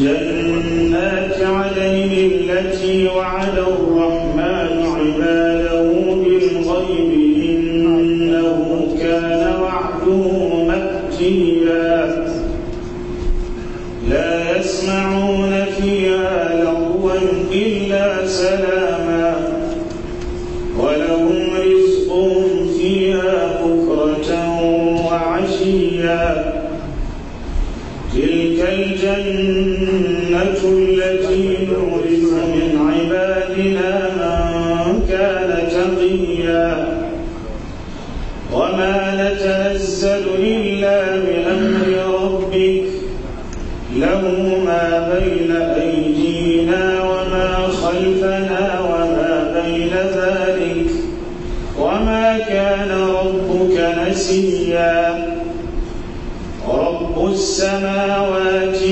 جنات عدن التي وعد الرحمن عباده بالغيب إنه كان وعده مأتيا لا يسمعون فيها لغوا إلا سلاما ولهم رزقهم فيها بكرة وعشيا تلك الجنة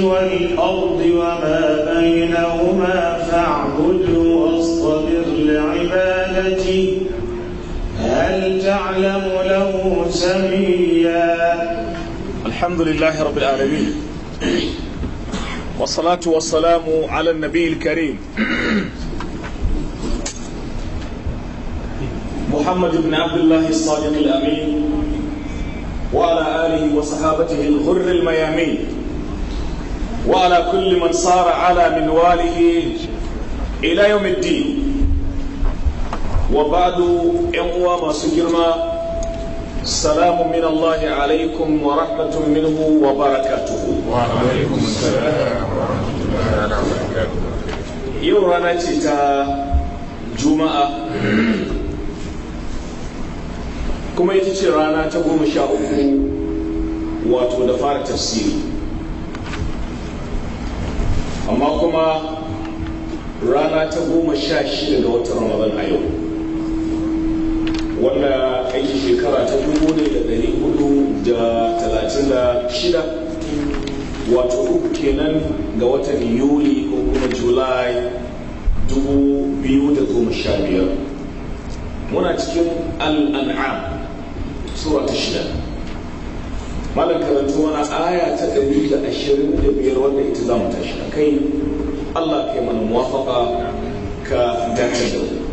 والأرض وما بينهما فاعبده واصطبر لعبادته هل تعلم له سميا الحمد لله رب العالمين والصلاة والسلام على النبي الكريم محمد بن عبد الله الصادق الأمين وعلى آله وصحابته الغر الميامين وعلى كل من صار على منواله إلى يوم الدين وبعد إقوى ما سجرما سلام من الله عليكم ورحمة منه وبركاته وعليكم السلام ورحمة الله وبركاته يورانا تيتا جمعة كما ita رانا تقوم ta واتو دفار تفسيري amma kuma rana ta goma sha shida ga watan ramadan a yau wanda aiki shekara ta dubu ne da ɗari hudu da talatin da shida wato uku kenan ga watan yuli ko kuma julai dubu biyu da goma sha biyar muna cikin al'an'am sura ta shida malam karatu wani aya ta ɗari da ashirin da biyar wanda ita za mu tashi a kai allah kai mana muwafaka ka dace da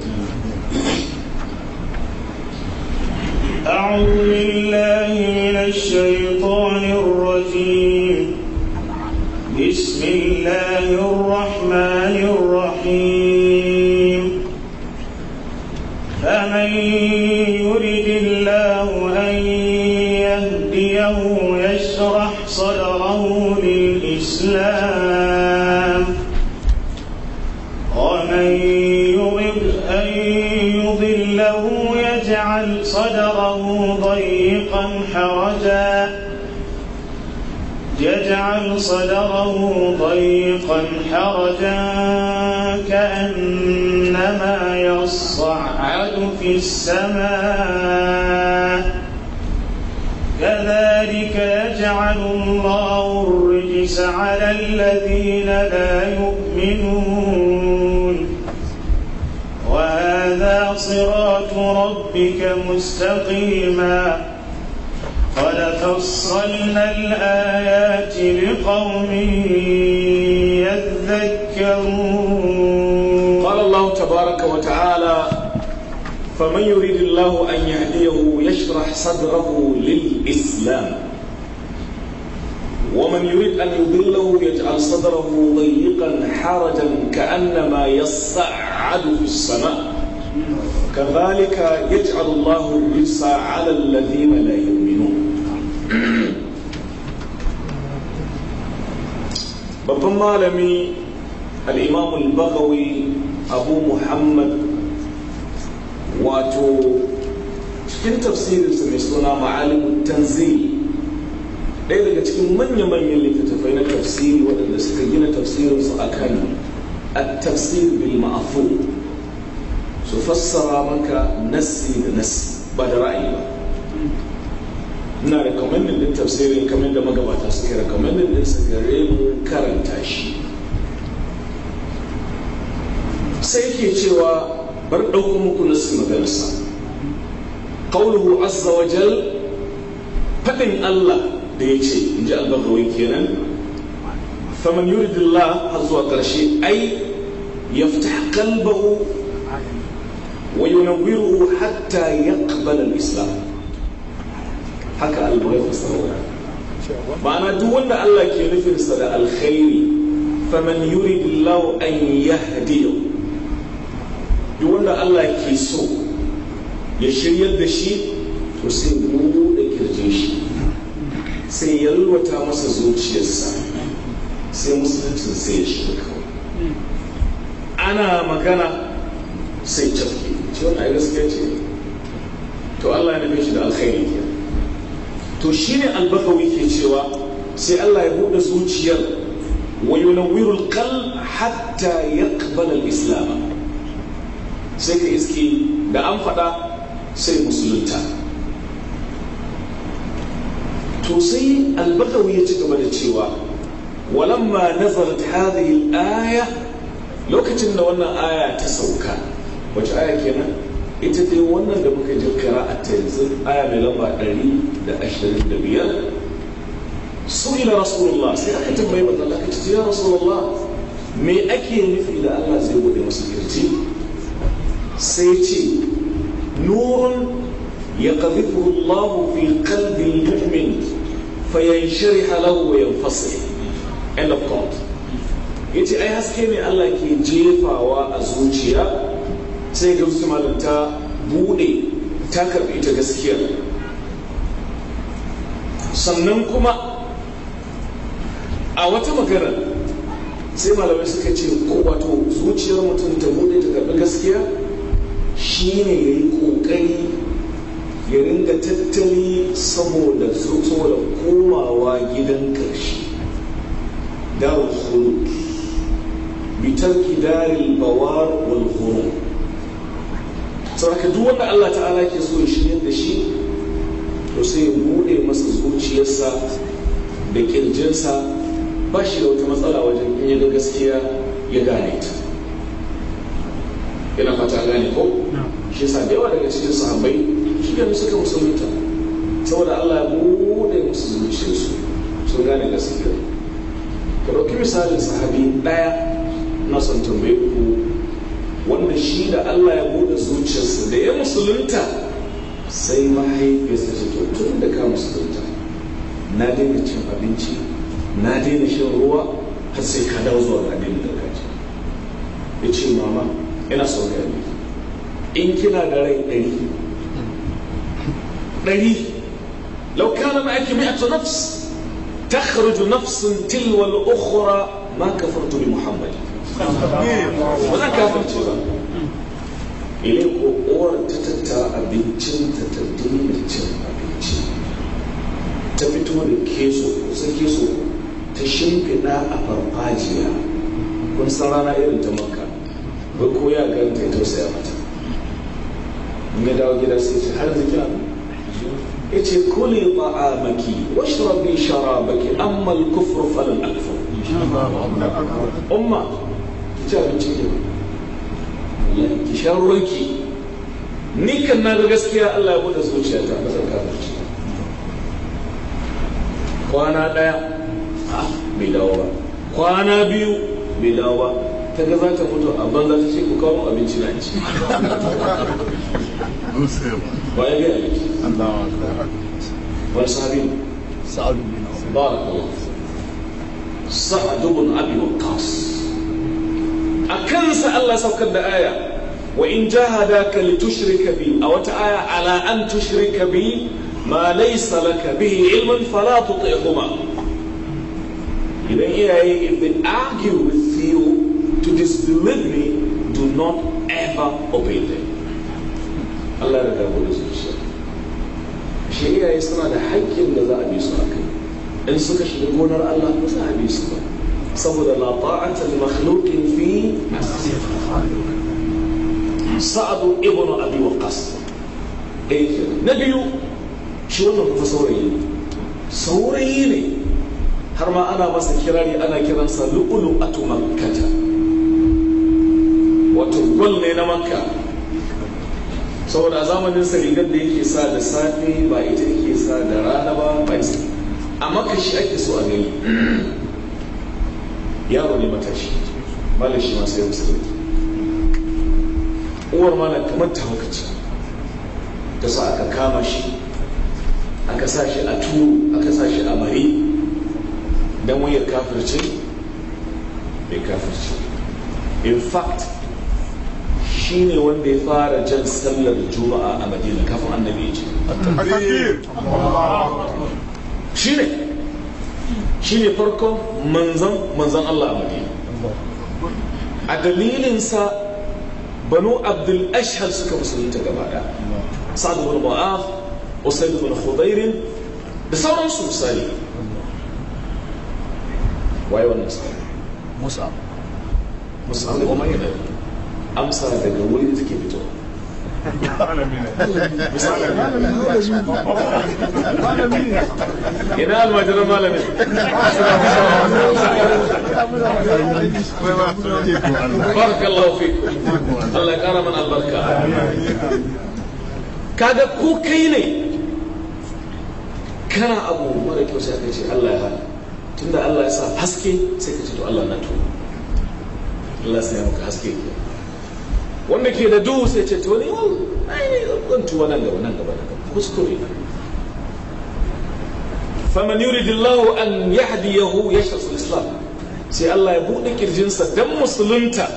أعوذ بالله من الشيطان الرجيم بسم الله الرحمن الرحيم فمن الإسلام ومن يرد أن يضله يجعل صدره ضيقا حرجا يجعل صدره ضيقا حرجا كأنما يصعد في السماء كذلك يجعل الله ليس على الذين لا يؤمنون وهذا صراط ربك مستقيما قد فصلنا الآيات لقوم يذكرون قال الله تبارك وتعالى فمن يريد الله أن يهديه يشرح صدره للإسلام ومن يريد أن يضله يجعل صدره ضيقا حرجا كأنما يصعد في السماء كذلك يجعل الله الرجس على الذين لا يؤمنون babban malami الإمام البغوي أبو محمد واتو في تفسير tafsirinsa mai معالم التنزيل ɗaya daga cikin manya-manyan littattafai na tafsiri waɗanda suka gina tafsirinsu a kan at-tafsir bil ma'afu su fassara maka nassi da nassi ba da ra'ayi ba ina recommending din tafsirin kamar da magabata suke recommending din su gare mu karanta shi sai ke cewa bar ɗauko muku nassi maganarsa قوله عز وجل فإن الله da ya ce in ji albagawai kenan faman yuridillah har zuwa ƙarshe ai ya fita kalbahu wa yunawwiruhu hatta yaqbala al-islam haka albagawai fassara ma'ana duk wanda Allah ke nufinsa da alkhairi faman yuridillah an yahdiyahu duk wanda Allah ke so ya shiryar da shi to sai buɗe kirjin shi sai yalwata masa zuciyarsa sai musulunci sai ya shiga kawai ana magana sai cafke ce wani a gaskiya ce to Allah ya shi da alkhairi ke to shine albakawi ke cewa sai Allah ya buɗe zuciyar wa yunawwirul qalb hatta yaqbala al-islam sai ka iske da an faɗa sai musulunta to sai albagawi ya ci gaba da cewa walamma nazarat hadhihi al-aya lokacin da wannan aya ta sauka wace aya kenan ita dai wannan da muka ji qira'at yanzu aya mai lamba 125 su'ila rasulullah sai aka tambaye manzo Allah ka ya rasulullah me ake nufi da Allah zai bude masa kirji sai ce nurun يقذفه الله في قلب المؤمن فينشرح له وينفصل end of quote yace ai haske ne Allah ke jefawa a zuciya sai ga wasu malanta bude ta karbi ta gaskiya sannan kuma a wata magana sai malamai suka ce ko wato zuciyar mutum ta bude ta karbi gaskiya shine yayi kokari ya ringa tattali saboda da komawa gidan karshe dawul khuluk bitarki daril bawar wal khuluk duk wanda Allah ta'ala ke so shi yadda shi to sai ya bude masa zuciyarsa da kirjinsa ba shi da wata matsala wajen in ya ga gaskiya ya gane ta yana fata gane ko shi sa da yawa daga cikin sahabbai shi suka musulunta saboda Allah ya buɗe musu su, sun gane gaskiya ka ɗauki misalin sahabi ɗaya na son tambayi ku wanda shi da Allah ya buɗe zuciyarsa da ya musulunta sai mahaifiyarsa ce to tun da ka musulunta na daina cin abinci na daina shan ruwa har sai ka dawo zuwa da ka gargajiya ya ce mama ina son gani in kina da rai ɗari ɗari لو كان معك مئة نفس تخرج نفس تلو الأخرى ما كفرت بمحمد ولا كفرت إليك أورد تتا أبنتين تتدين التين أبنتين تبتون كيسو وسكيسو تشمكنا أفرقاجيا أبرقاجيا كن سرانا irin ta maka قلت ko ya ganta ya tausaya mata in ya ya ce kuli ma'amaki wasu washrabi sharabaki amma al-kufru falan akfur umma ci abinci ke ba ki sha ruwanki ni kan na ga gaskiya Allah ya buɗe zuciya ta ba zan kafa ci kwana ɗaya ah bai dawo kwana biyu mai dawowa ta ga za ta mutu a banza ta ce ku kawo abinci na ci مسلم ويا جامد الله اكبر ويا صحابين سعد بن بارك الله سعد بن ابي وقاص اكنسى الله سوكر ده ايه وإن جاهداك لتشرك بي أو تعالى على أن تشرك بي ما ليس لك به علم فلا إيه, إيه If they argue with you to disbelieve me, do not ever obey them. Allah ya damu da zuciya shi iyaye suna da haƙƙin da za a bi su akai in suka shiga gonar Allah ba za a bi su ba saboda la ta'ata li makhluqin fi sa'ad ibn abi waqas eh na biyu shi wannan kuma saurayi ne saurayi ne har ma ana masa kirari ana kiransa lu'ulu atu makkata wato gwal ne na makka saboda zamanin sarigar da yake sa da safe ba ita yake sa da rana ba ba isa amma ka shi ake so a gani yaro ne matashi malam shi masu sai musulunci uwar malam kamar ta hukaci ta sa aka kama shi aka sa shi a turu aka sa shi a mari don wayar kafirce bai kafirce in fact shi ne wanda ya fara jan sallar juma'a a madina kafin annabi ya ce shi ne shi ne farkon manzan Allah a madina a dalilinsa banu abdul ashhad suka musulunta gaba da sa'ad bin mu'af usaid bin khudairin da sauransu misali waye wannan sai musa musa ne kuma yana amsa daga wurin da take fito ina almajiran malamin fi Allah ya kara mana albarka kaga ko kai ne kana abu mara kyau sai ka ce Allah ya hana tunda Allah ya sa haske sai ka ce to Allah na tuba Allah sai ya maka haske wanda ke da duhu sai ce wani yau ai zan tuwa nan gaba nan gaba nan gaba kuskure faman yuridillahu an yahdiyahu yashrasul islam sai Allah ya bude kirjinsa dan musulunta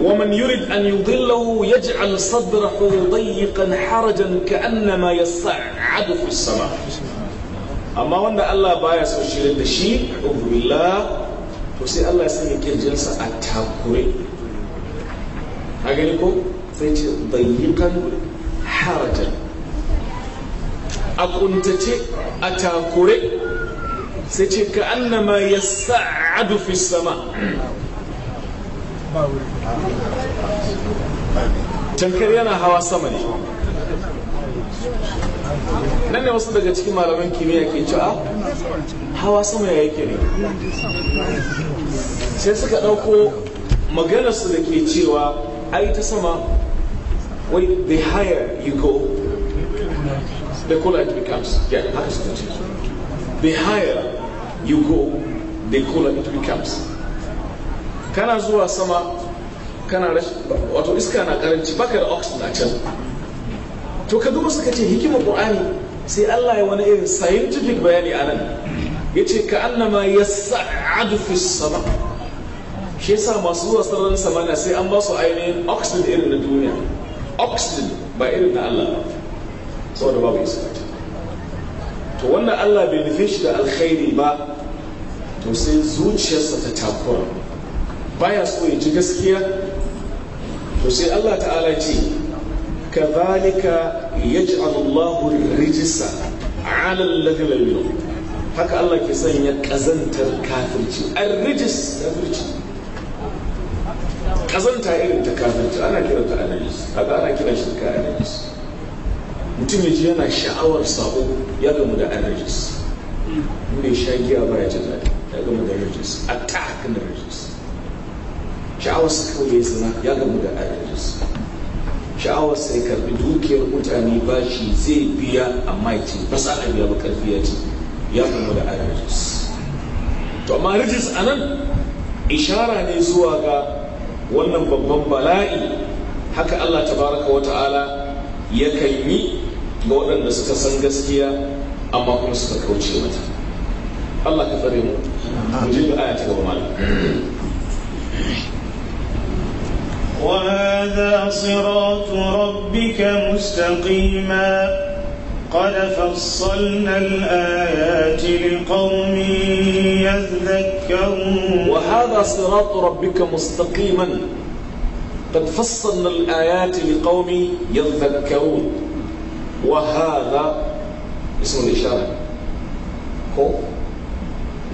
ومن يريد أن يضله يجعل صدره ضيقا حرجا كأنما يصعد في السماء أما وأن الله بايس وشير الدشي أعوذ بالله وسي الله يسمي كير جلسة التاكوري a gani ko sai ce bayyukan harajan a kuntace a takure sai ce ka annama ya sa'adu fi sama tankar yana hawa sama ne nan ne wasu daga cikin malaman kimiyya ke cewa hawa sama ya yake ne sai suka ɗauko maganarsu da ke cewa ai ta sama wai the higher you go the cooler it becomes yeah haka suka ce the higher you go the cooler it becomes kana zuwa sama kana wato iska na karanci baka da oxygen a can to ka duba suka ce hikimar qur'ani sai Allah ya wani irin scientific bayani anan yace ka annama yas'adu fis sama' shi yasa masu zuwa sararin samaniya sai an ba su ainihin oxygen irin na duniya oxygen ba irin na Allah saboda babu iska to wanda Allah bai nufe shi da alkhairi ba to sai zuciyarsa ta takura baya so ya ji gaskiya to sai Allah ta'ala ce kadhalika yaj'alu Allahu rijista 'ala alladhina yu'minun haka Allah ke sanya kazantar kafirci an rijs kafirci kazanta irin ta kafinta ana kiran ta anajis haka ana kiran shi ka analis mutum ya ji yana sha'awar sabo ya gamu da anajis mai sha giya baya jin daɗi ya gamu da anajis A na analis sha'awar sa kawai ya zina ya gamu da analis sha'awar sa ya karbi dukiyar mutane ba shi zai biya a maiti ba sa biya ba karfi ya ce ya gamu da analis to amma rijis anan ishara ne zuwa ga wannan babban bala'i haka Allah tabaraka wa ta'ala yakan yi ga waɗanda suka san gaskiya amma kuma suka kauce mata Allah ka tsare mu mujin da aya ta gaba mana وهذا صراط ربك مستقيما قد فصلنا الآيات لقوم يذكرون وهذا صراط ربك مستقيما قد فصلنا الآيات لقوم يذكرون وهذا اسم الإشارة هو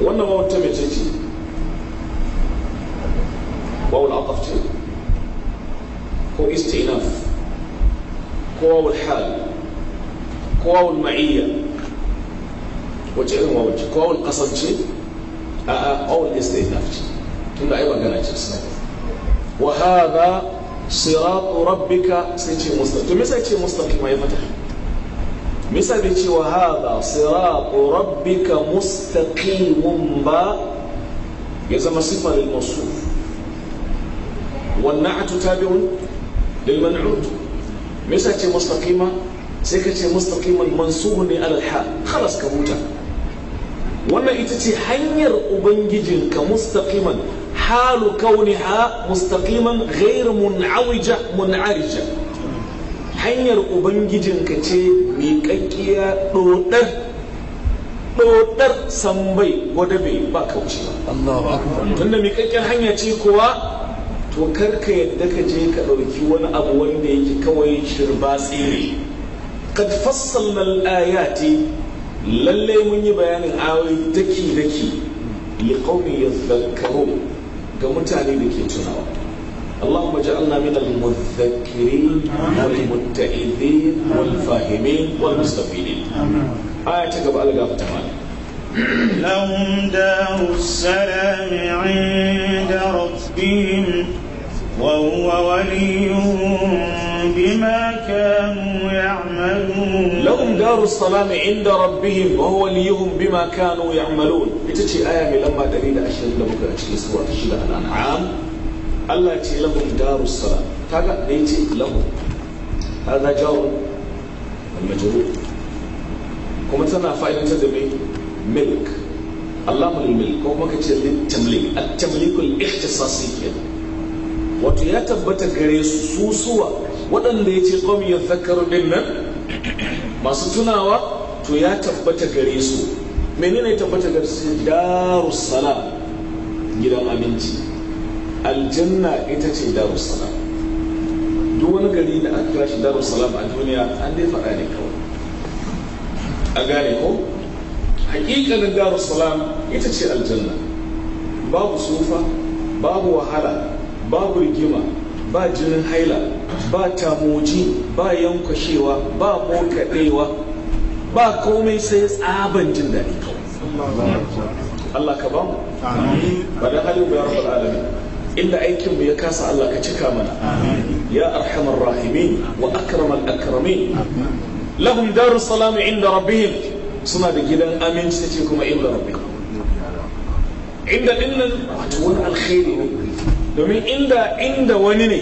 وانا واو التمتتي واو العطفتي هو استئناف هو الحال كوا المعية وجهين ووجه كوا القصد شيء آه، آه، أو الاستئناف شيء تقول أيوة قال أجلس وهذا صراط ربك سيتي مستقيم طيب، مثل شيء مستقيم يا فتح مثل شيء وهذا صراط ربك مستقيم با يزم صفة للموصوف والنعت تابع للمنعوت مثل شيء مستقيمه sai ka ce mustaqiman mansuhu ne alha khalas ka huta wannan ita ce hanyar ubangijin ubangijinka mustaqiman halu kauniha mustaqiman ghairu mun'awija mun'arija hanyar ubangijin ka ce miƙaƙƙiya dodar dodar sambai wadda bai ba kauce ba tunda kakkiyar hanya ce kuwa to ka yadda ka je ka ɗauki wani abu wanda yake kawai shirba tsere قد فصلنا الآيات للي من يبين آوي دكي دكي لقوم يذكرون كمتعني دكي تنوى اللهم اجعلنا من المذكرين والمتعذين والفاهمين والمستفيدين آية تقبل ألقى تمام لهم دار السلام عند ربهم وهو وليهم بما كانوا يعملون لهم دار السلام عند ربهم وهو ليهم بما كانوا يعملون itace aya mai lamba 120 da muka a cikin sura ta shida al'an'am Allah ce lahum darus salam kaga da yace kuma tana fa'idantar da mai milk Allahmu al-milk ko muka ce wato ya tabbata gare su susuwa waɗanda ya ce ƙwamiyar ya zakaru ɗin nan masu tunawa to ya tabbata gare su menene ya tabbata gare su darussalam gidan abinci aljanna ita ce darussalam duk wani gari da aka kira shi darussalam a duniya an dai faɗa ne kawai a gane ko hakikalin darussalam ita ce aljanna babu sufa babu wahala babu rigima ba jinin haila ba tamoji ba yankwashewa ba mokaɗewa ba komai sai tsaban jin daɗi Allah ka ba mu ba da halin ya rabbal alamin inda aikinmu ya kasa Allah ka cika mana ya arhamar rahimi wa akramal akramin lahum daru salamu inda rabbihim suna da gidan aminci ce kuma inda rabbihim inda dinnan wato wani alkhairi ne domin inda inda wani ne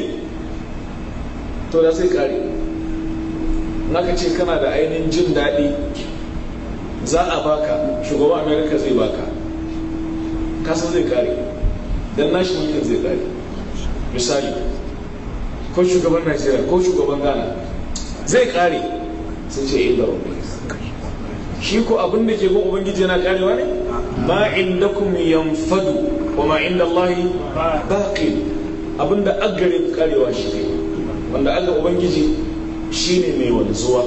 to da sai kare naka ce kana da ainihin jin daɗi za a baka shugaban amerika zai baka kasan zai kare don nashi mulkin zai kare misali ko shugaban najeriya ko shugaban ghana zai kare sun ce inda eh, shi ko abin da ke gun ubangiji yana karewa ne ma inda kuma yanfadu wa ma inda allahi baqi abin da agare karewa shi ne wanda Allah ubangiji ne mai wanzuwa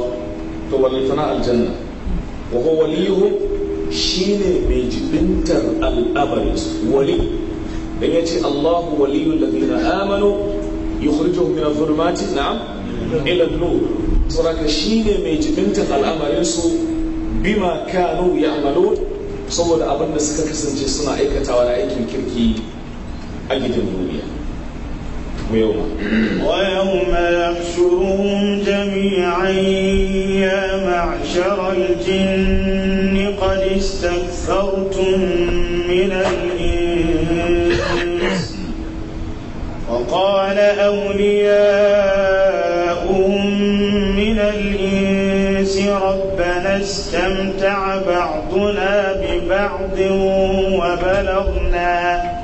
to wallafana aljanna wa huwa shi ne mai jibintar al'abaris wali dan ce Allahu Waliyu ladina amanu yukhrijuhum min adh-dhulumati na'am ila an-nur saboda shine mai jibintar al'amarin su bima kanu ya'malun saboda abin da suka kasance suna aikatawa da aikin kirki a gidan duniya ويوم يحشرهم جميعا يا معشر الجن قد استكثرتم من الإنس وقال أولياؤهم من الإنس ربنا استمتع بعضنا ببعض وبلغنا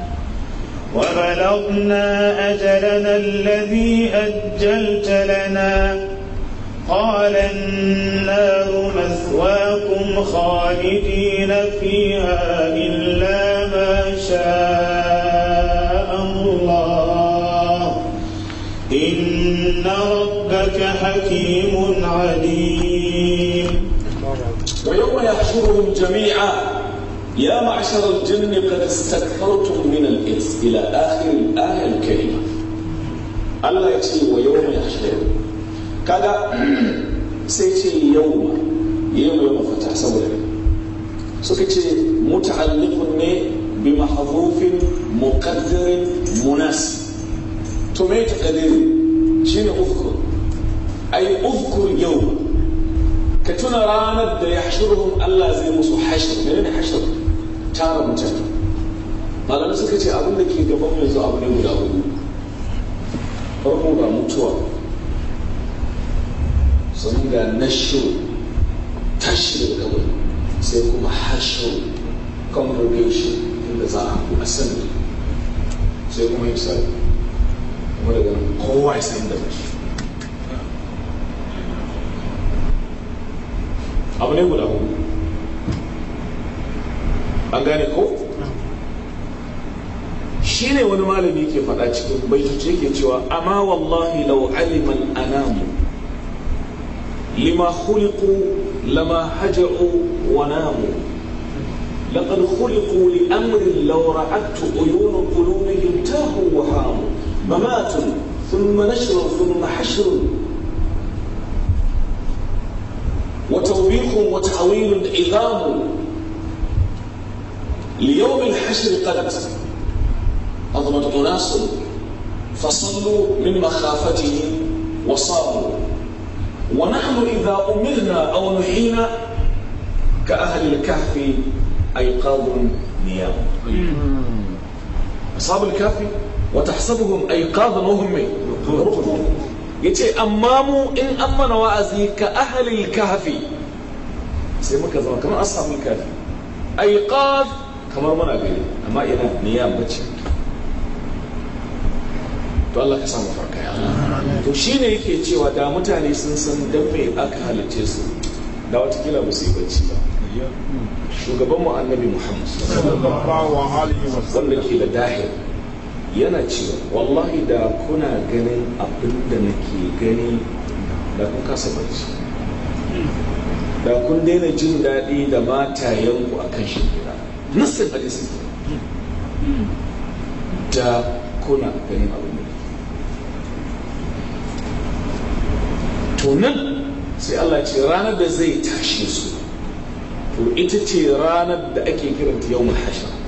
وبلغنا أجلنا الذي أجلت لنا قال النار مثواكم خالدين فيها إلا ما شاء الله إن ربك حكيم عليم ويوم يحشرهم جميعا يا معشر الجن قد استكثرتم من الإنس إلى آخر الآية الكريمة الله يتي ويوم يحشر كذا سيتي يوم يوم يوم فتح سوره سكتي متعلق بمحظوف مقدر مناسب تميت قدير شنو اذكر اي اذكر يوم ka tuna ranar da ya hashiruhum Allah zai musu hashir mene ne hashir tara mutane malamai suka ce abin da ke gaban yanzu abu ne guda hudu farko ga mutuwa sannan ga nashiru tashi daga gaba sai kuma hashiru congregation inda za a ku asali sai kuma yi misali kuma daga kowa ya san da mashi abu ne guda hudu an gane ko shi ne wani malami ke faɗa cikin baitoci yake cewa amma wallahi lau aliman anamu lima khuliqu lama haja'u wa namu لقد خلقوا لأمر لو رأت عيون قلوبهم تاهوا وهاموا ممات ثم نشر ثم حشر وتوبيخ وتعويل عظام ليوم الحشر قد أضمت أناس فصلوا من مخافته وصاموا ونحن إذا أمرنا أو نحينا كأهل الكهف أيقاظ نيام أصحاب الكهف وتحسبهم أيقاظا وهم ركوب yace amma mu in an mana wa'azi ka ka kahfi sai muka zama kamar ashabul kahfi ay qaf kamar muna gani amma ina niyya bace to Allah ka samu farka ya to shine yake cewa da mutane sun san dan me aka halice su da wata kila ba su yi bacci ba annabi Muhammad sallallahu alaihi wasallam wanda ke da dahil yana cewa wallahi da kuna ganin abin da nake gani da kun kasa barci da kun daina jin daɗi da matayenku a kan shekara nassin hadisi da kuna ganin abin da to nan sai Allah ce ranar da zai tashe su to ita ce ranar da ake kiranta yau hashar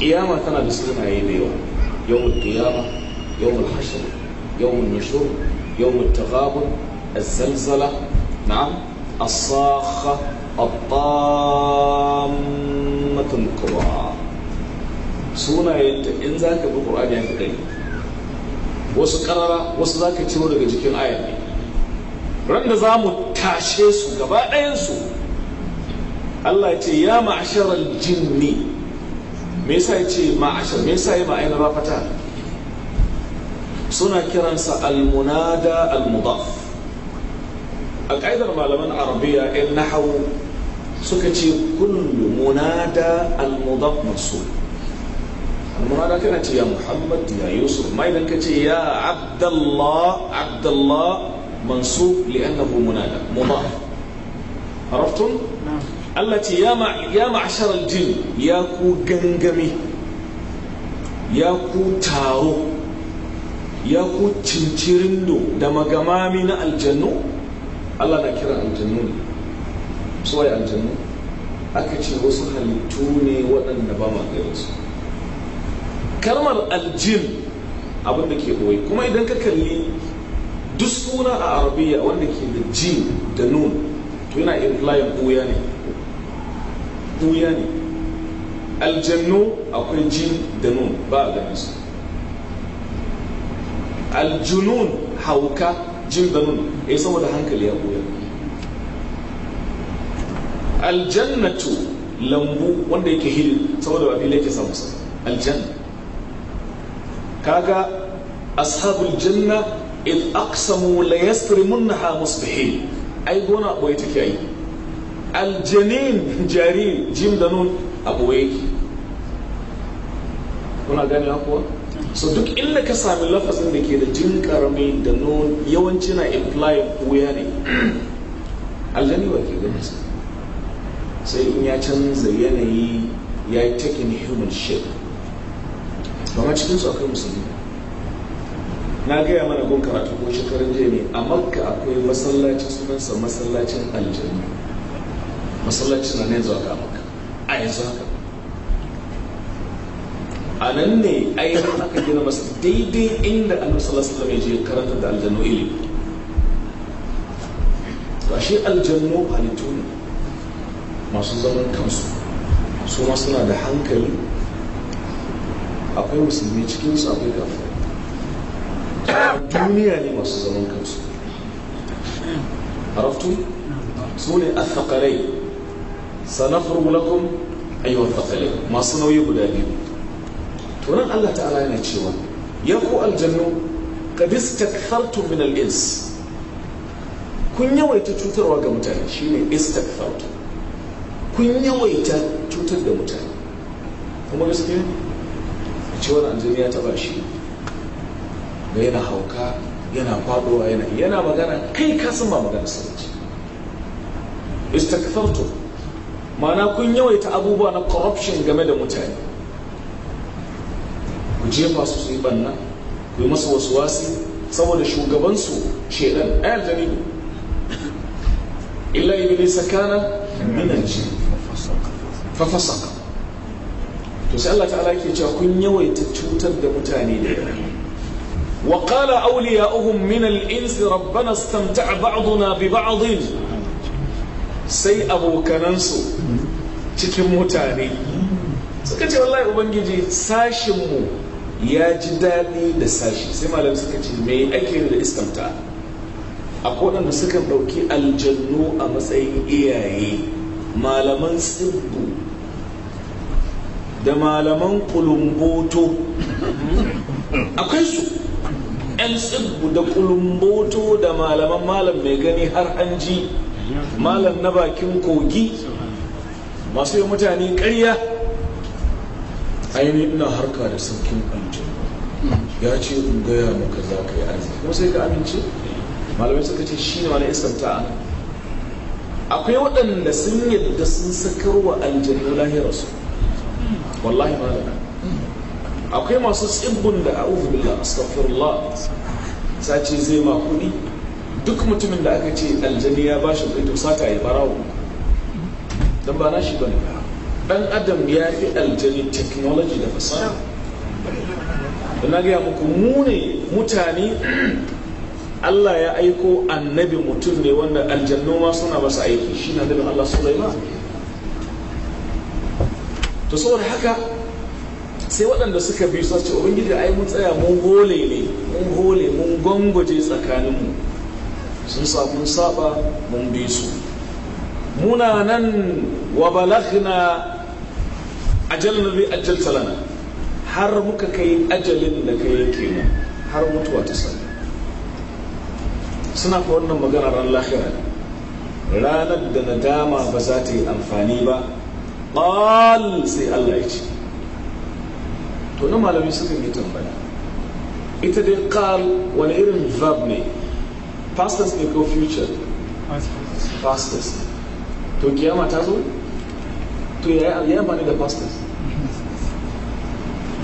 قيامة أنا بسلمها أي بيوم يوم القيامة يوم الحشر يوم النشور يوم التغابن الزلزلة نعم الصاخة الطامة الكبرى سونا يت إنزاك بالقرآن يعني كذي وسقرا وسذاك تقول لك جكين آية رند زام تاشيس وجبائنس الله يتي يا معشر الجني me yasa ya ce ma'ashar me yasa ya ma'aina ba fata suna kiransa almunada almudaf a ƙa'idar malaman arabiya in nahawu suka ce kullu munada almudaf masu almunada kana ce ya muhammad ya yusuf ma idan ka ce ya abdallah abdallah mansub li'annahu munada mudaf عرفتم؟ نعم Allah ce ya ma'ashar jin ya ku gangame ya ku taro ya ku cincirindo da magamami na aljannu Allah na kira aljannu ne suwaye aljannu aka ce wasu halittu ne waɗanda ba ma su kalmar aljin abin da ke ɓoye kuma idan ka kalli duk suna a arabiya wanda ke da jin da nun to yana implying buya ne duya ne aljannu akwai jin da nun ba a ganin su aljunun hauka jin da nun ya eh, saboda hankali ya goya aljannatu lambu wanda yake hili saboda abin da yake samu sa aljanna kaga ashabul janna id aqsamu la yasrimunha musbihin ai gona boye take yi aljanin jariri jim da nun a ɓoye kuna gani kuwa so duk inda ka sami lafazin da ke da jin karami da nun yawanci na imply wuya ne aljani ba ke gani sai in ya canza yanayi ya yi taking human shape ba cikin su akwai musulmi na gaya mana gun karatu ko shekarun jiya ne a makka akwai masallacin sunansa masallacin aljanna masallaci na ne zuwa ga maka a yanzu haka a nan ne ainihin aka gina masu daidai inda annabi sallallahu alaihi je karanta da aljanu ilimi ba shi aljanu halittu ne masu zaman kansu su suna da hankali akwai musulmi su akwai kafa duniya ne masu zaman kansu araftu su ne a athakarai sanafurgu lakum ayyuhal thaqalin masu nauyi guda biyu to nan Allah ta'ala yana cewa ya ku aljannu qad istakthartu min al-ins kun yawaita cutarwa ga mutane shine istakthartu kun yawaita cutar da mutane kuma gaskiya a cewar aljani ya taba shi da yana hauka yana kwadowa yana yana magana kai ka san ba magana sarki istakthartu mana kun yawaita abubuwa na corruption game da mutane ku jefa su su yi banna ku yi masa wasu wasi saboda shugabansu shaidan ayar jani illa iblisa kana minan jini fafasaka to sai Allah ta'ala ke cewa kun yawaita cutar da mutane da yawa wa qala awliya'uhum min al-ins rabbana istamta'a ba'duna bi ba'd sai abokanansu cikin mutane suka ce wallahi ubangiji sashinmu ya ji daɗi da sashi sai malam suka ce mai ake da iskanta a waɗanda suka ɗauki aljannu a matsayin iyaye malaman tsibbu da malaman kulumboto akwai su 'yan tsibbu da kulumboto da malaman malam mai gani har hanji malam na bakin kogi masu yi mutane ƙarya ainihin ina harka da sarkin aljihun ya ce in gaya maka za ka yi arziki kuma sai ka amince malamai suka ce shi ne wani islamta a akwai waɗanda sun yadda sun sakarwa aljannu lahira su wallahi malama akwai masu tsibbin da a'udhu billah astaghfirullah sace zai ma kuɗi duk mutumin da aka ce aljani ya bashi kuɗi to sata ya barawo don ba na shi ba ɗan adam ya fi aljani technology da fasaha da na gaya muku mu mutane Allah ya aiko annabi mutum ne wanda aljannu ma suna masa aiki shi na dabin Allah Sulaiman to saboda haka sai waɗanda suka bi su ce ubangiji ai mun tsaya mun hole ne mun hole mun gwangwaje tsakaninmu sun sa mun saba mun bi su muna nan wa balaghna ajalna bi ajalta lana har muka kai ajalin da ka yanke mu har mutuwa ta sani suna fa wannan magana ran lahira ranar da nadama ba za ta yi amfani ba ƙal sai Allah ya ce to na malami suka yi tambaya ita dai ƙal wani irin verb ne pastors ne ko future pastors to kiyama ta zo to ya yi amfani da pastors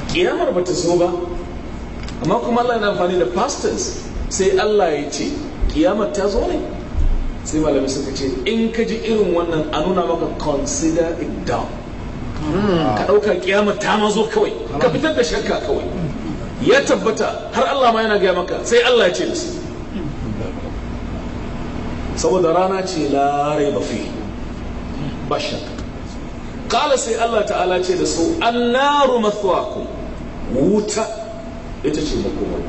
kiyamar ba ta zo ba amma kuma Allah yana amfani da pastors sai Allah ya ce kiyamar ta zo ne sai malamai suka ce in ka ji irin wannan a nuna maka consider it down hmm. ka ɗauka kiyamar ta ma zo kawai ka fitar da shakka kawai ya tabbata har Allah ma yana gaya maka sai Allah ya ce da su saboda rana ce lare ba fi basha kala sai Allah ta'ala ce da su annaru mathwaku wuta ita ce makomar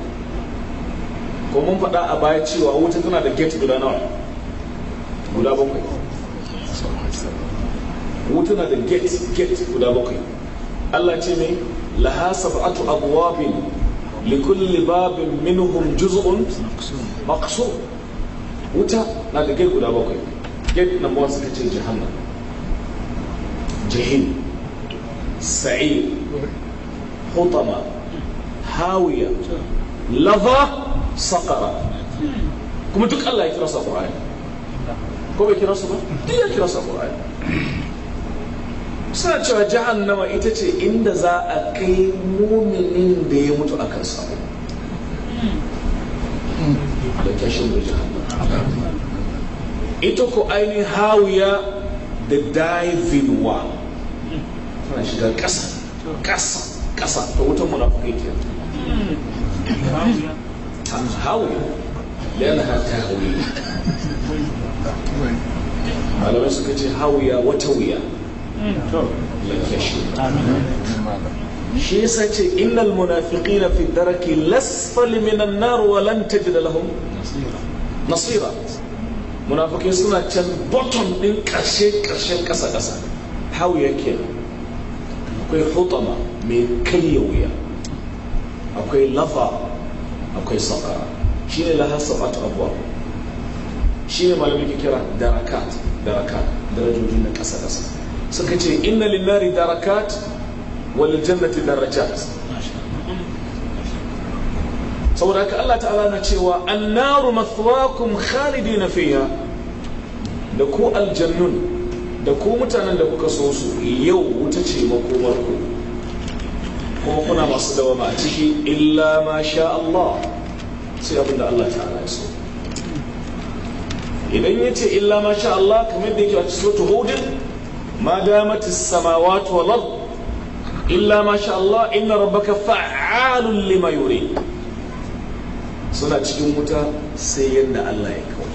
ko mun faɗa a baya cewa wuta tana da gate guda nawa guda bakwai wuta na da gate gate guda bakwai Allah ce mai laha sab'atu abwabin kulli babin minhum juz'un maqsum wuta na da gate guda bakwai gate na one suka ce jahannam جحيم سعير حطمة هاوية لظى سقرة كما تقول الله يكرا القرآن كما يكرا سبا دي يكرا القرآن suna cewa jahannama ita ce inda za a kai muminin da ya mutu a kan sabo da ita the diving one tana shiga ƙasa ƙasa ƙasa ta wutan munafukai ke hawi lanaha tahwi malamai suka ce hawiya wata wuya shi yasa ce innal munafiqina fi daraki lasfali minan nar wa lan tajid lahum nasira munafukai suna can bottom ɗin ƙarshe ƙarshen ƙasa ƙasa hau yake akwai hutama mai karya wuya akwai lafa akwai sakara shi ne lahar sabat abuwa shi ne malamai ke kira darakat darakat darajoji na ƙasa ƙasa suka ce inna linnari darakat wal jannati darajat saboda haka Allah ta'ala na cewa annaru mathwakum khalidina fiha da ku aljannun da ku mutanen da kuka so su yau wuta ce makomar ku kuma kuna masu dawama a ciki illa ma sha Allah sai abin da Allah ta'ala ya so idan ya ce illa ma sha Allah kamar da yake a cikin hudun ma damat as-samawati wal illa ma sha Allah inna rabbaka fa'alun lima yurid suna cikin wuta sai yadda Allah ya kawai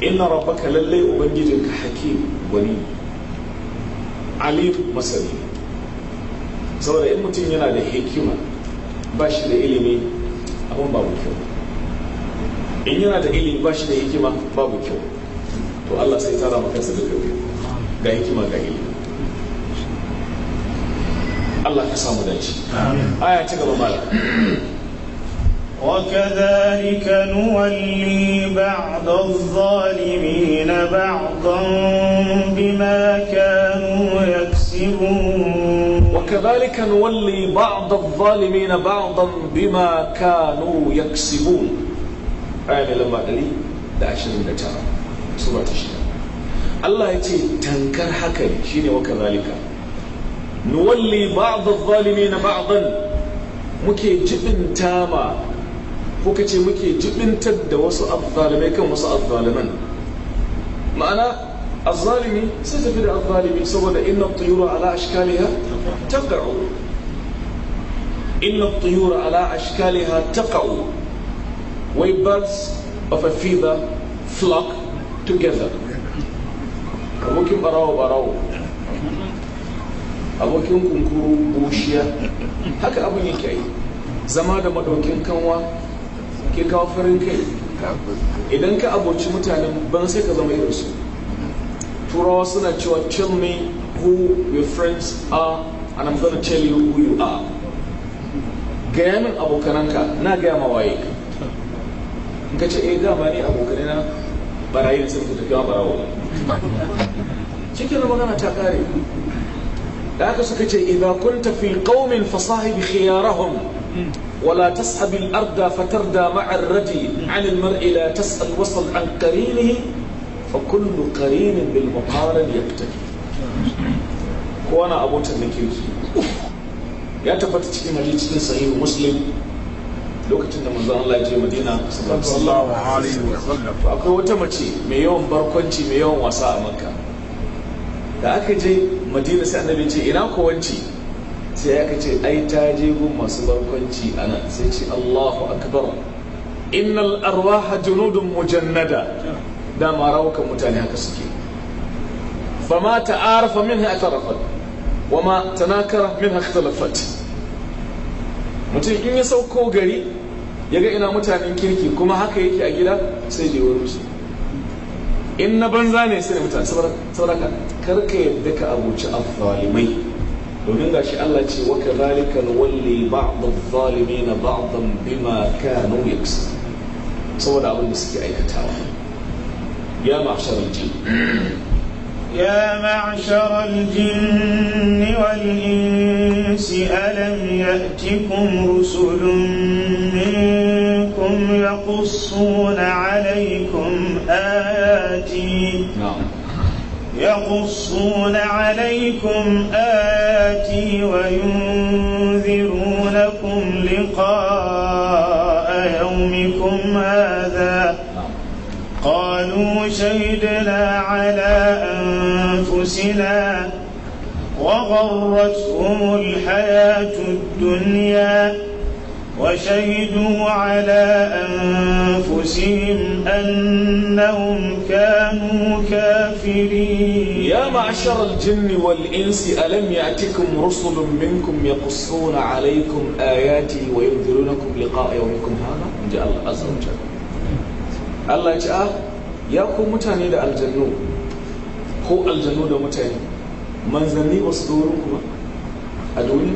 inna rabbaka lallai ubangijinka hakim gwani alim masani saboda in mutum yana da hikima ba shi da ilimi abin babu kyau in yana da ilimi ba shi da hikima babu kyau to Allah sai tara maka su duka ga hikima ga ilimi Allah ka samu dace aya ci gaba malam وكذلك نولي بعض الظالمين بعضا بما كانوا يكسبون وكذلك نولي بعض الظالمين بعضا بما كانوا يكسبون آية لما قالي من دعشن سورة الشيطان الله يتي تنكر حكي شيني وكذلك نولي بعض الظالمين بعضا مكي جبن تاما ko ka muke jibintar da wasu azzalimai kan wasu azzaliman ma'ana azzalimi sai tafi da azzalimi saboda inna tuyura ala ashkaliha taqa'u inna tuyura ala ashkaliha taqa'u wai birds of a feather flock together abokin barawo barawo abokin kunkuru bushiya haka abun yake yi zama da madokin kanwa ke kawo farin kai idan ka aboci mutanen ban sai ka zama irin su turawa suna cewa tell me who your friends are and I'm gonna tell you who you are gaya min abokananka na gaya ma waye ka in ka ce eh gama ne abokanina barayi ne sai ku tafi barawo cikin magana ta kare da aka suka ce idan kunta fi qaumin fasahib khiyarahum ولا تسحب الأرض فتردى مع الردي عن المرء لا تسأل وصل عن قرينه فكل قرين بالمقارن يبتكي كوانا أبو تنكيو يا تفت تكين حديث صحيح مسلم لو كنت من زمان الله يجي مدينة صلى الله عليه وسلم فأقول وتمشي ميوم بركنتي ميوم وساء مكة لا جي مدينة سأنا بيجي إناك وانتي sai aka ce ai ta je gun masu barkwanci a nan sai ce Allahu akbar innal arwaha junudun mujannada da marawukan mutane haka suke fama ta'arafa minha atarafat wama tanakara minha ikhtalafat mutum in ya sauko gari ya ga ina mutanen kirki kuma haka yake a gida sai je wurin su in na banza ne sai mutane saboda karka yadda ka abuci azzalimai domin gashi Allah ce wa kadhalika walli ba'd adh-dhalimin ba'dan bima kanu yaksu saboda abin da suke aikatawa ya ma'shar al-jin يا معشر الجن والإنس ألم يأتكم رسل منكم يقصون عليكم آياتي نعم يقصون عليكم آياتي وينذرونكم لقاء يومكم هذا قالوا شهدنا على أنفسنا وغرتهم الحياة الدنيا وشهدوا على أنفسهم أنهم كانوا كافرين يا معشر الجن والإنس ألم يأتكم رسل منكم يقصون عليكم آياتي وينذرونكم لقاء يومكم هذا إن جاء الله عز وجل الله يجعل ياكم متاني الجنو هو الجنود ده من منزلني وصدوركم أدوني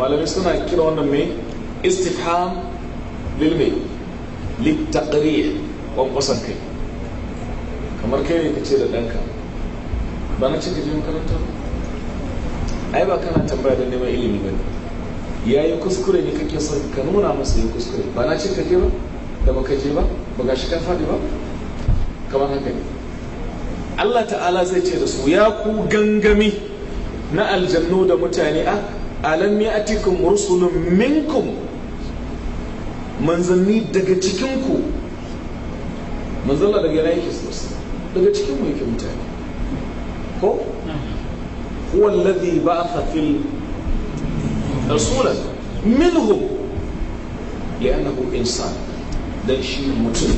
malamai suna kira wannan mai istifham lilme Wa kwankwasan kai kamar kai ne ka ce da ɗanka ba na cika jin karanta ai ba kana tambaya da neman ilimi ba ne ya yi kuskure ne kake son ka nuna masa yi kuskure ba na cika je ba da baka je ba ba ga shi ka faɗi ba kamar haka ne Allah ta'ala zai ce da su ya ku gangami na aljannu da mutane a alam ya'tikum rusulun minkum manzanni daga cikinku manzalla daga yana yake sosai daga cikin mu yake mutane ko huwa alladhi ba'atha fil rasulan minhum li'annahu insan dan shi mutum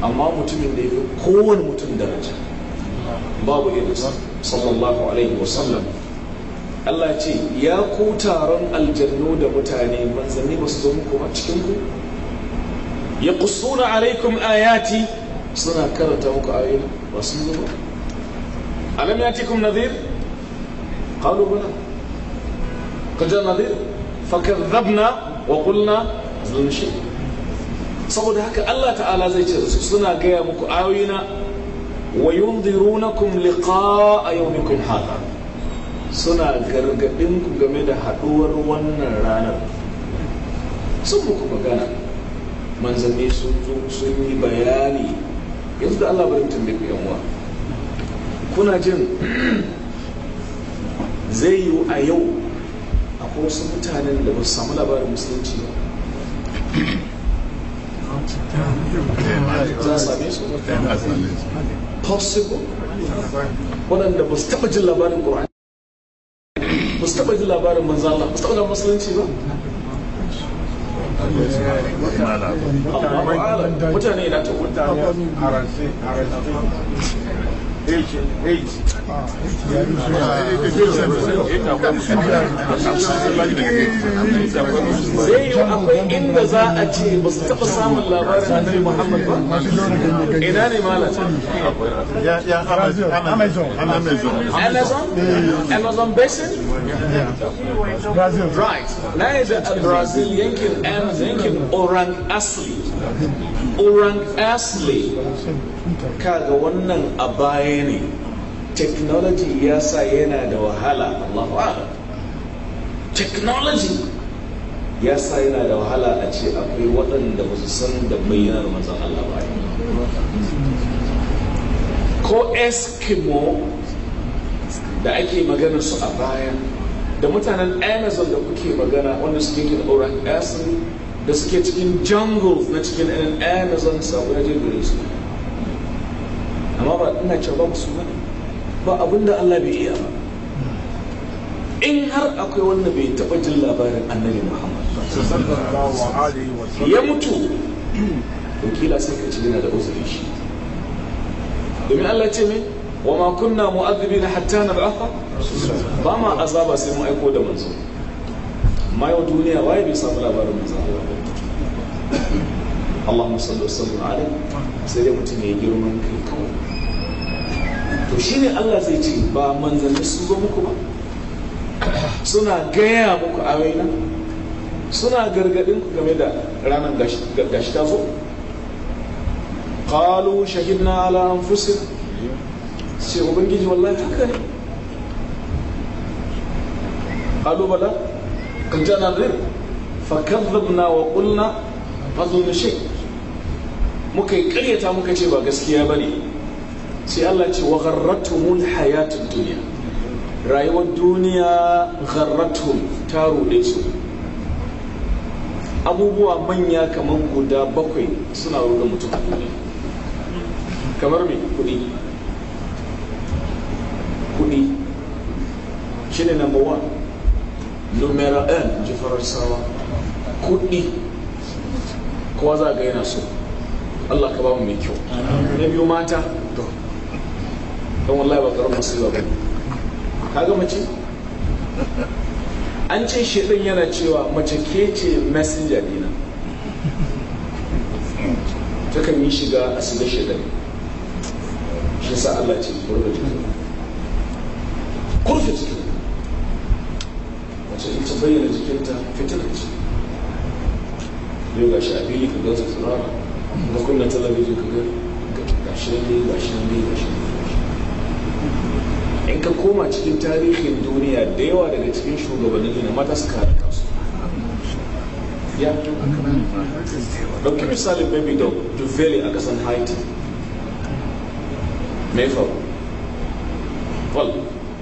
amma mutumin da ya fi kowane mutum daraja babu irin sallallahu alaihi wa sallam Allah ce ya ku taron aljannu da mutane manzanni ba su zo muku a cikinku ya kusuna alaikum ayati suna karanta muku ayoyi ba su zo ba alam ya tikum nadir qalu bala qad ja fakadhabna wa qulna zulun shi saboda haka Allah ta'ala zai ce suna gaya muku ayoyina wa yundirunakum liqa'a yawmikum hadha suna gargaɗin ku game da haɗuwar wannan ranar sun muku magana manzanni sun zo sun yi bayani yanzu da Allah bari mutum da yanwa kuna jin zai yiwu a yau akwai wasu mutanen da ba su samu labarin musulunci ba za same su possible waɗanda ba su taɓa jin labarin ƙur'ani ba su taɓa ji labarin manzo Allah ba su taɓa musulunci ba mutane na ta zai akwai inda za a ce ba su taɓa samun labarin muhammad ba ina ne malata amazon amazon amazon basin brazil right na yadda a brazil yankin yankin Orang asli uran asli kaga wannan a baya ne technology ya sa yana da wahala Allahu a'lam technology ya sa yana da wahala a ce akwai waɗanda ba su san da bayyanar manzon Allah ba ko eskimo da ake magana su a baya da mutanen amazon da kuke magana wanda suke ke da oran asali da suke cikin jungles na cikin ɗan amazon sabo ya je gare su amma ba ina cewa ba musu ba ba abinda allah bai iya ba in har akwai wanda bai taba jin labarin annabi muhammad ya mutu wakila sai ka ci yana da uzuri shi domin allah ce min wa ma kunna mu'adhibina hatta nab'atha ba ma azaba sai mu aiko da manzo amma yau duniya waye bai samu labarin manzan Allah Allahumma salli sallu alaihi sai dai mutum ya girman kai kawai to shi ne Allah zai ce ba manzanni su zo muku ba suna gaya muku a waina suna gargadin ku game da ranar gashi ta zo qalu shahidna ala anfusina sai ubangiji wallahi haka ne qalu bala قد جاءنا الرب فكذبنا وقلنا ما ظن شيء muka ƙaryata muka ce ba gaskiya ba ne sai Allah ce wa gharratumul hayatun duniya rayuwar duniya gharratum ta ruɗe su abubuwa manya kamar guda bakwai suna ruɗe mutum kamar mai kuɗi kuɗi shi ne number one numero 1 ji faransawa kuɗi kowa za ga yana so Allah ka ba mu mai kyau na biyu mata to don wallahi ba karon masu ba ne kaga mace an ce shirin yana cewa mace ke ce messenger dina kan yi shiga a shiga shirin shi sa Allah ce kurfe cikin kurfe cikin ta bayyana jikinta fitar da yau ga shi a fili gansa na kunna talabijin ka ga in ka koma cikin tarihin duniya da yawa daga cikin shugabannin na mata suka haɗa kansu ya ɗauki misalin baby dog juveli a kasar haiti mai faru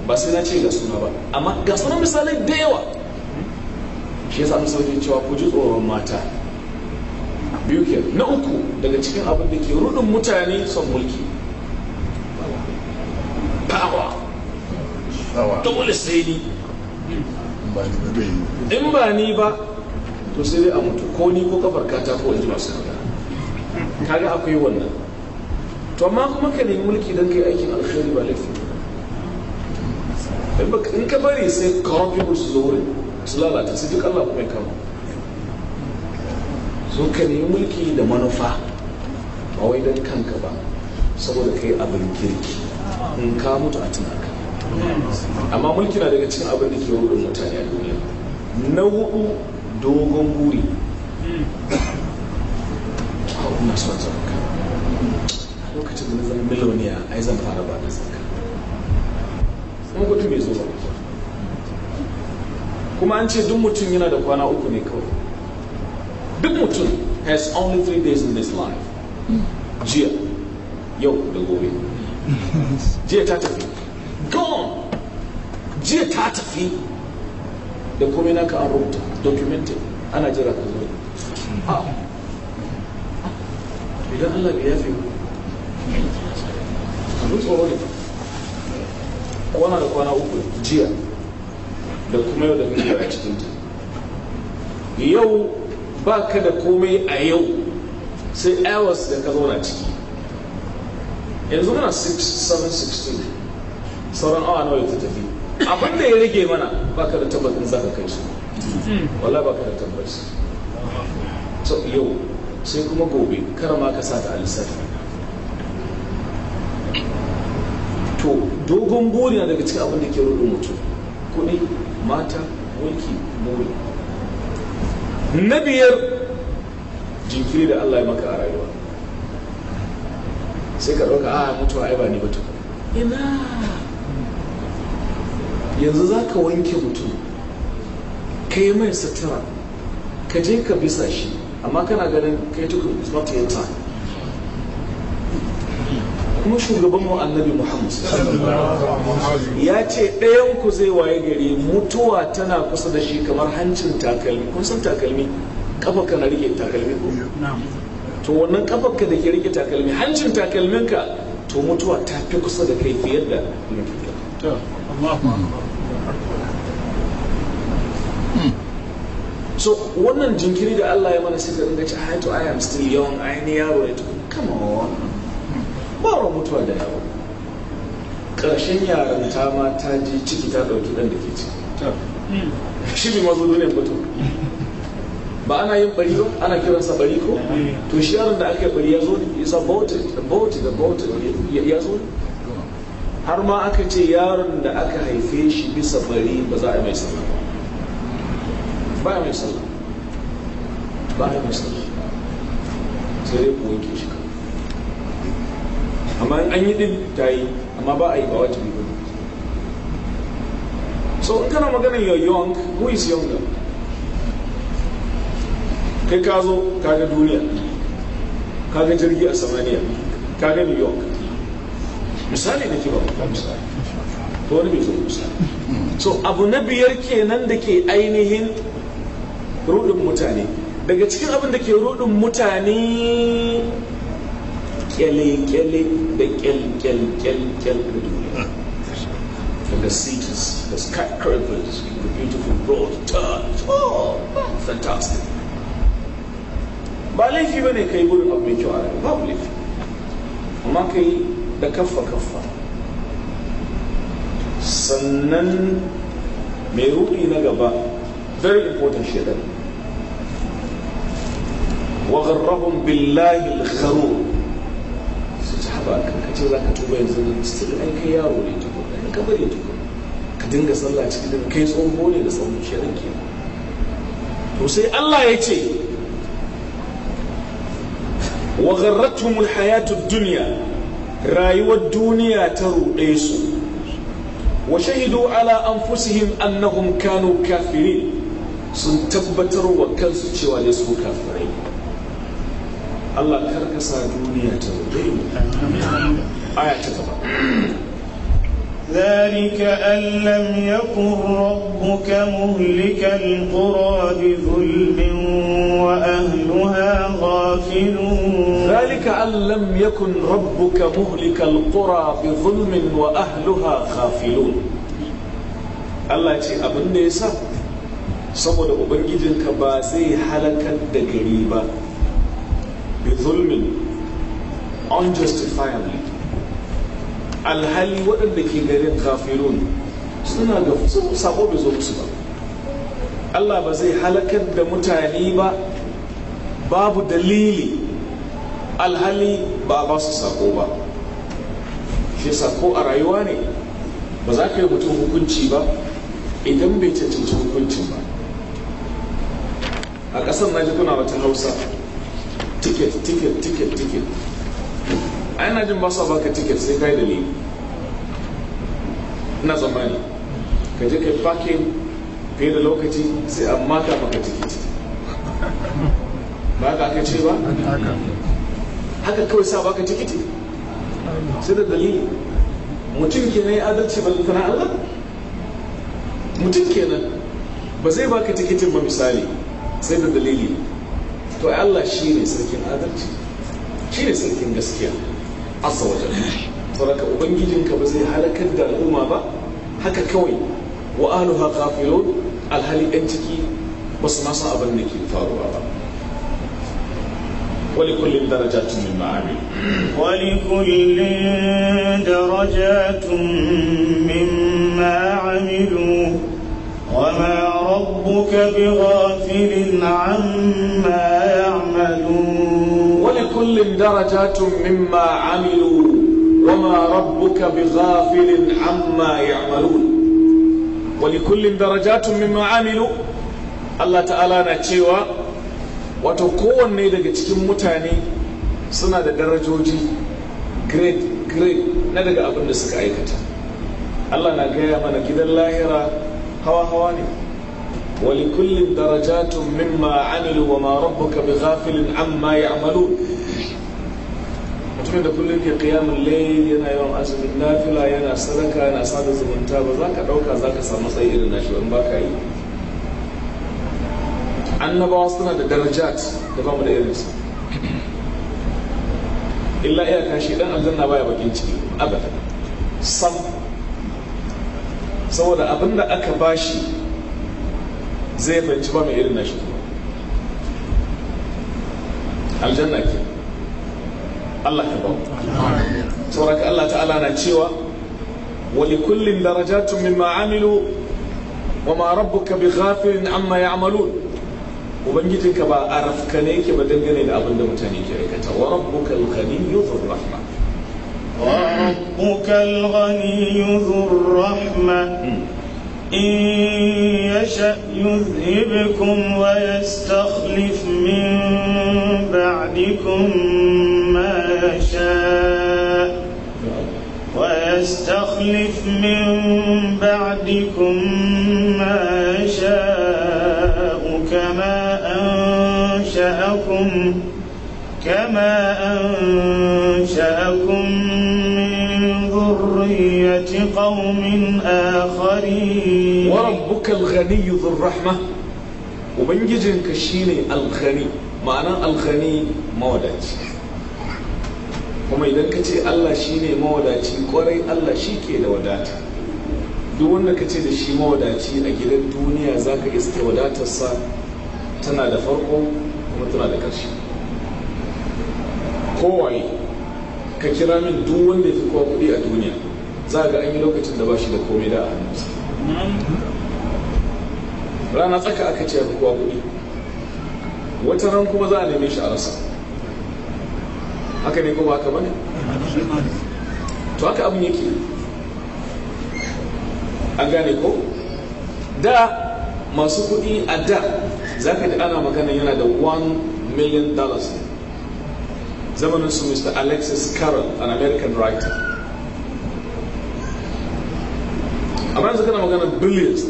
ba sai na ce ga suna ba amma ga suna misalai da yawa shi yasa musa ke cewa ku ji tsoron mata biyu ke na uku daga cikin abin da ke rudin mutane son mulki power dole sai ni in ba ni ba to sai dai a mutu ko ni ko kafar kata ko inji masu kaga kaga akwai wannan to amma kuma ka nemi mulki don kai aikin alkhairi ba laifin. in ka bari sai corrupt people su zo wurin su lalata sai duk Allah kuma kama so ka nemi mulki da manufa ba wai don kanka ba saboda kai abin kirki in ka mutu a tunaka amma mulki na daga cikin abin da ke wurin mutane a duniya na hudu dogon buri na son zaka lokacin da na zama miliyoniya yi zan fara ba da zaka in mutum mai zuwa kuma an ce duk mutum yana da kwana uku ne kawai duk mutum has only three days in this life jiya yau da gobe jiya ta tafi gone jiya ta tafi da kome naka an rubuta documented ana jira ka zuwa ah. idan Allah bai yafe ku tsoro wani kwana da kwana uku jiya da kuma yau da muke a cikin ta yau ba ka da komai a yau sai hours da ka zauna ciki yanzu muna 16 sauran awa nawa ta tafi abin da ya rage mana ba ka da tabbatin za ka kai su wala ba ka da tabbas so yau sai kuma gobe kar ma ka sa ta to dogon buri na daga cikin abin da ke rudu mutum kuɗi mata mulki buri na biyar jinkiri da Allah ya maka a rayuwa sai ka ɗauka a mutuwa a ba ni ba ina yanzu za ka wanke mutum ka yi mai sutura ka je ka bisa shi amma kana ganin kai tukun it's not time kuma shugaban mu annabi muhammad ya ce ɗayan ku zai waye gari mutuwa tana kusa da shi kamar hancin takalmi kun san takalmi kafa kana rike takalmi ko to wannan kafar ka da ke rike takalmi hancin takalmin ka to mutuwa ta fi kusa da kai fiye da hmm. so wannan jinkiri da Allah ya mana sai ka dinga ci to I am still young I ni yaro ne to come on ba wa mutuwa da yawa ƙarshen yaran ta ma ta ji ciki ta ɗauki ɗan da ke ciki shi ne mazo duniyar mutum ba ana yin bari ba ana kiransa bari ko to shi yaron da aka yi bari ya zo ne ya sa bauta da bauta ya zo ne har ma aka ce yaron da aka haife shi bisa bari ba za a mai sallah ba a mai sallah ba a mai sallah sai dai ku wanke shi amma an yi ɗin ta yi amma ba a yi ba wajibi ba so in kana maganin yau young who is younger kai ka zo kaga duniya kaga jirgi a samaniya kaga new york misali da ke ba misali to wani mai zo misali so abu na biyar kenan da ke ainihin rudin mutane daga cikin abin da ke rudin mutane kyale-kyale da kyal-kyal-kyal-kyal da duniya ah. and the cities, the skyscrapers, the beautiful broad turns, oh, fantastic. Ba laifi ba ne kai gudun abu kyau a rayuwa, babu laifi. Amma kai da kaffa-kaffa. Sannan mai rudi na gaba, very important shaidan. وغرهم بالله الغرور ba kan ka ce za ka tuba yanzu da still ai kai yaro ne tukun ai ka bari tukun ka dinga sallah cikin dare kai tsoho ne da tsoho kenan ke to sai Allah ya ce wa gharratuhum alhayatud dunya rayuwar duniya ta ruɗe su wa shahidu ala anfusihim annahum kanu kafirin sun tabbatar wa kansu cewa ne su kafirai الله kar ka sa آية ta ذلك أن لم يكن ربك مهلك القرى بظلم وأهلها غافلون ذلك أن لم يكن ربك مهلك القرى بظلم وأهلها غافلون الله يقول أبن نيسا saboda ubangijinka ba zai halakar da بظلم unjustifiably alhali waɗanda ke garin kafirun suna da sako bai zo musu ba Allah ba zai halakar da mutane ba babu dalili alhali ba ba su sako ba shi sako a rayuwa ne ba za ka yi mutum hukunci ba idan bai cancanci hukuncin ba a ƙasar na ji wata hausa ticket ticket ticket ticket a yana jin ba baka ticket sai kai da ni ina zamani ka je kai parking fiye da lokaci sai a maka maka ticket ba ka aka ce ba haka kawai sa baka tikiti sai da dalili mutum kenan ya adalci ba tana Allah mutum ke ba zai baka tikitin ba misali sai da dalili to Allah shi ne sarkin adalci shi ne sarkin gaskiya asa wajen saboda ubangijinka ba zai halakar da al'umma ba haka kawai wa ahluha ghafilun alhali ɗan ciki ba su masu abin da ke faruwa ba ولكل درجات ولكل درجات مما عملوا وما ربك بغافل عما يعملون ولكل درجات مما عملوا وما ربك بغافل عما يعملون ولكل درجات مما عملوا Allah ta'ala na cewa wato kowanne daga cikin mutane suna da darajoji grade grade na daga abin da suka aikata Allah na gaya mana gidan lahira hawa hawa ne kullum min ولكل درجات مما عملوا وما ربك بغافل عما يعملون mutumin da kullum ke kiyamun lail yana yawan azumin nafila yana sadaka yana sada zumunta ba za ka ɗauka za ka samu tsayi irin nashi in ba ka yi annabawa suna da darajat da ba mu da irinsu illa iyaka shi ɗan aljanna baya bakin ciki abada sam saboda abin da aka bashi zai fahimci ba mai irin nashi aljanna ke Allah ka ba ka Allah ta'ala na cewa wani kullum darajatun min amilu wa ma rabbuka bi ghafirin amma ya ya'malun ubangijinka ba a rafkane yake ba dangane da abin da mutane ke aikata wa rabbuka al-ghaniyyu dhur rahma ربك الغني ذو الرحمة إن يشأ يذهبكم ويستخلف من بعدكم ما يشاء ويستخلف من بعدكم ما يشاء كما أنشأكم كما أنشأكم ذرية قوم آخرين وربك الغني ذو الرحمة وبنجزنك شيني الغني معنى الغني موداتي kuma idan ka ce Allah shi ne mawadaci kwarai Allah shi ke da wadata duk wanda ka ce da shi mawadaci a gidan duniya za ka iska wadatarsa tana da farko kuma tana da ƙarshe kowaye ka kira min duk wanda ya fi kowa kuɗi a duniya za ga an yi lokacin da ba shi da komai da a hannunsa rana tsaka aka ce ya fi kowa kuɗi wata ran kuma za a neme shi a rasa haka ne ko ba haka bane to haka abin yake an gane ko da masu kuɗi a da za ka ji ana magana yana da 1 million dollars ne Zamanus Mr. Alexis Carroll, an American writer. America's going magana billions,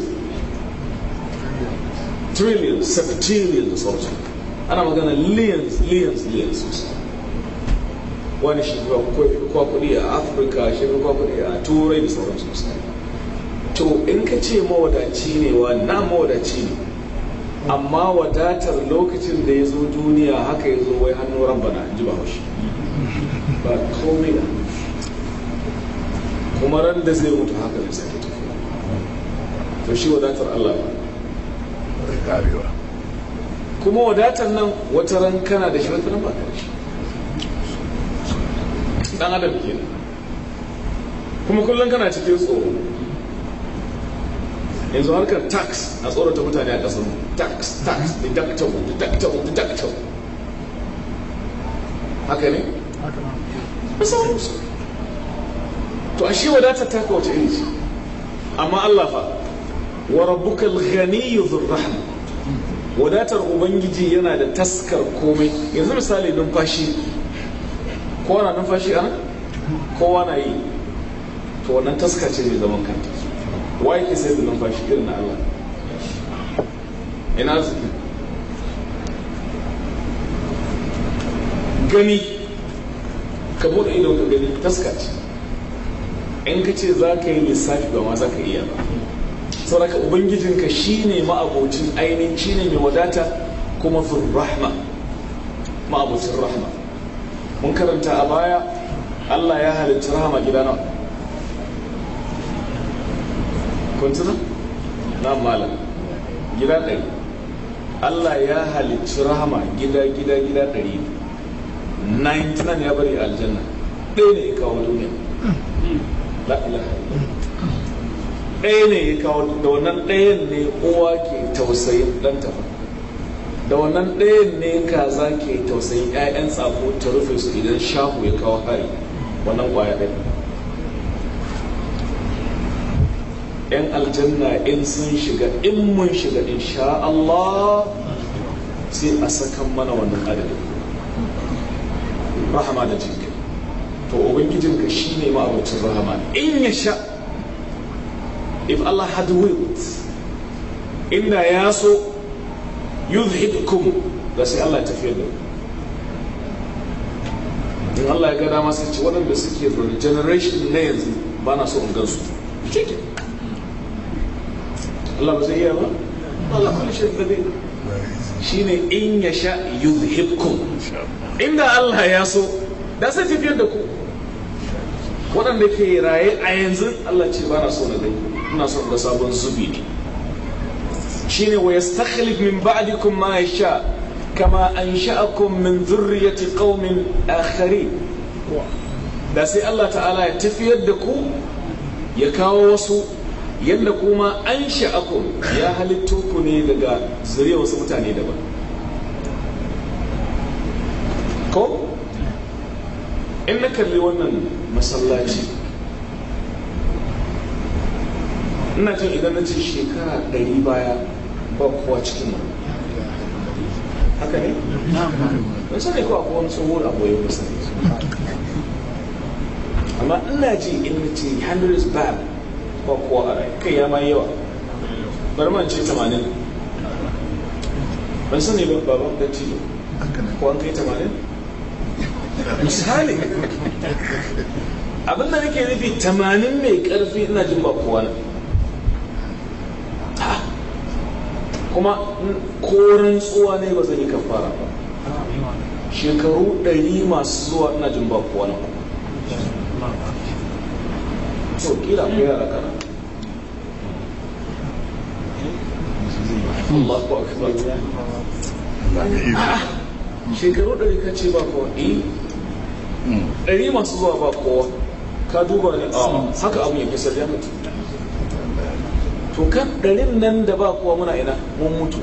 trillions, septillions also. And I'm going to lions, lions, lions. Wani shiga kwa kudi a Afirka, shiga kwa kudi a To in ka ce chini, ne wa na mawadaci chini. amma wadatar lokacin da ya zo duniya haka ya zo wai hannu rabbana in ji haushi. ba komai da kuma ran da zai mutu haka zai sake tafiya to shi wadatar Allah ba kuma wadatar nan wata ran kana da shi wata ran ba ka da shi dan adam kenan kuma kullum kana cikin tsoro yanzu harkar tax a tsorata mutane a ƙasar mu tax tax deductible deductible deductible haka ne? haka ne sauransu to ashe wadatar taka kawace iri ce amma Allah fa wa rabbuka al-ghaniyyu dhur-rahma wadatar ubangiji yana da taskar komai yanzu misali numfashi kowa na numfashi a kowa na yi to wannan taska ce mai zaman kanta wa yake sai da numfashi irin na Allah ina suke gani ka bude ido ka gani taska ce in ka ce za ka yi lissafi ba ma za ka iya ba sauraka ubangijinka shine ma'abocin ainihin shine mai wadata kuma fin rahma ma'abocin rahma mun karanta a baya Allah ya halitta rahama gida nawa kun na malam gida ɗaya. Allah ya halicci rahama gida gida gida ɗari ne 99 ya bari aljanna ɗaya ne ya kawo duniya ɗaya ne ya kawo da wannan ɗayan ne uwa ke tausayin ɗan tafa da wannan ɗayan ne kaza ke tausayin 'ya'yan tsako ta rufe su idan shahu ya kawo hari wannan ƙwaya ɗaya 'yan aljanna in sun shiga in mun shiga insha Allah sai a sakan mana wannan adadin rahama da jinka to ka shi ne ma'abucin rahama in ya sha if Allah had willed inda ya so yuzhibkum da sai Allah ya tafiyar da in Allah ya ga dama sai ce waɗanda suke generation na yanzu ba na so in gansu Allah ba zai iya ba Allah kulli shay qadir shine in yasha yuzhibkum inda Allah ya so da sai tafiyar da ku waɗanda ke raye a yanzu Allah ce ba na so na dai ina son da sabon zubi ne shine wa yastakhlif min ba'dikum ma yasha kama ansha'akum min dhurriyyati qaumin akharin da sai Allah ta'ala ya tafiyar da ku ya kawo wasu yadda kuma an sha'akun ya halittu ku ne daga zuriya wasu mutane daban ko in na kalli wannan masallaci ina jin idan na ce shekara ɗari baya ba kowa cikin nan haka ne? ban sani ko akwai wani tsohon abu ya amma ina ji in na ce hundreds back ba kuwa a kai ya yawa ce 80 ban sani baban ko an kai 80 misali abin nake nufi 80 mai karfi ina jin ba kowa na kuma korin tsuwa ne ba zan yi kafara ba shekaru 100 masu zuwa ina jin ba kowa na kuma to kila ko yara kana hmm. Allahu ɗari ka ce ba eh? hmm. ɗari masu zuwa ba ka duba ne a ah, hmm. haka abu ya fi sarja mutu to kan ɗarin nan da ba kowa muna ina mun mutu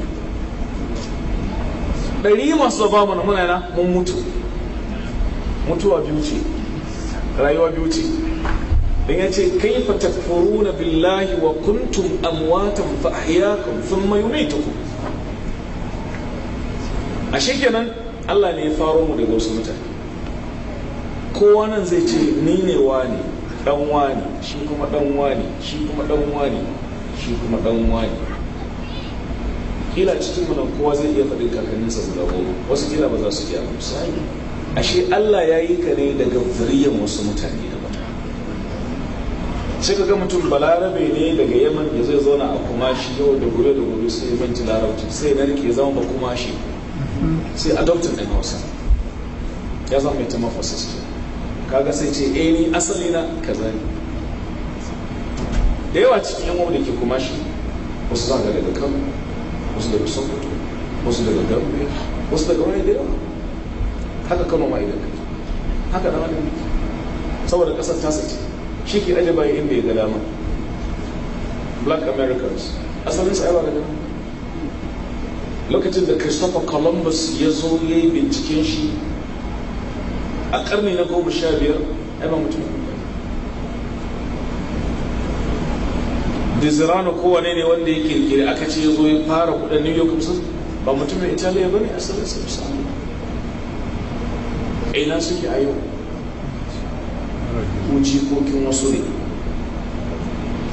ɗari masu ba mana muna ina mun mutu mutuwa biyu ce rayuwa biyu ce dan ya ce kaifa takfuruna billahi wa kuntum amwatan fa ahyaakum thumma yumitukum ashe kenan Allah ne ya faro mu daga wasu mutane kowa nan zai ce ni ne wani dan wani shi kuma dan wani shi kuma dan wani shi kuma dan wani kila cikin mu kowa zai iya faɗin kakanninsa guda goma wasu kila ba za su iya misali ashe Allah ya yi ka ne daga zuriyar wasu mutane da sai ka ga mutum balarabe ne daga yaman ya zai zauna a kumashi yau da gure da gure sai ci larabci sai na rike zama ba kumashi sai adoptin ɗin hausa ya zama mai tamafasa kaga sai ce eh ni asali na ka ne da yawa cikin yamma wanda ke kumashi wasu za ga daga kan wasu daga sokoto wasu daga gambia wasu daga wani da yawa haka kano ma idan haka da wani saboda kasar ta sake shiki ke aje bayan inda ya ga dama black americans asalin sa ba ga lokacin da christopher columbus ya zo ya yi binciken shi a karni na goma sha biyar ba mutum dizirano kowane ne wanda ya kirkiri aka ce ya zo ya fara kudin new york ba mutumin italiya ba ne asalin sa musamman ina suke a yau ko jikokin wasu ne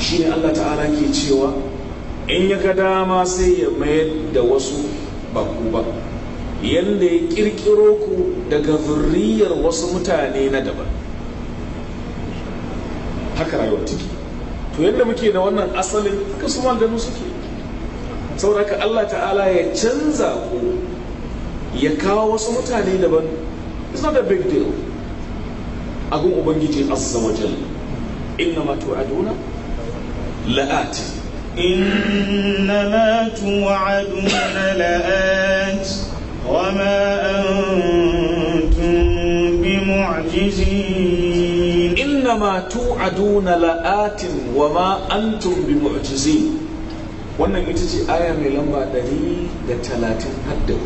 shi ne allah ta'ala ke cewa in ya ga dama sai ya mayar da wasu baku ba yadda ya kirkiro ku daga zurriyar wasu mutane na daban haka rayuwar take to yadda muke da wannan asalin haka su gano suke sauraka allah ta'ala ya canza ku ya kawo wasu mutane daban it's not a big deal abin ubangiji azza wa jalla inna ma tu'aduna la'at inna ma tu'aduna la'at wa ma antum bimu'jizin inna ma tu'aduna la'atin wa ma antum bimu'jizin wannan ita ce aya mai lamba 130 hadda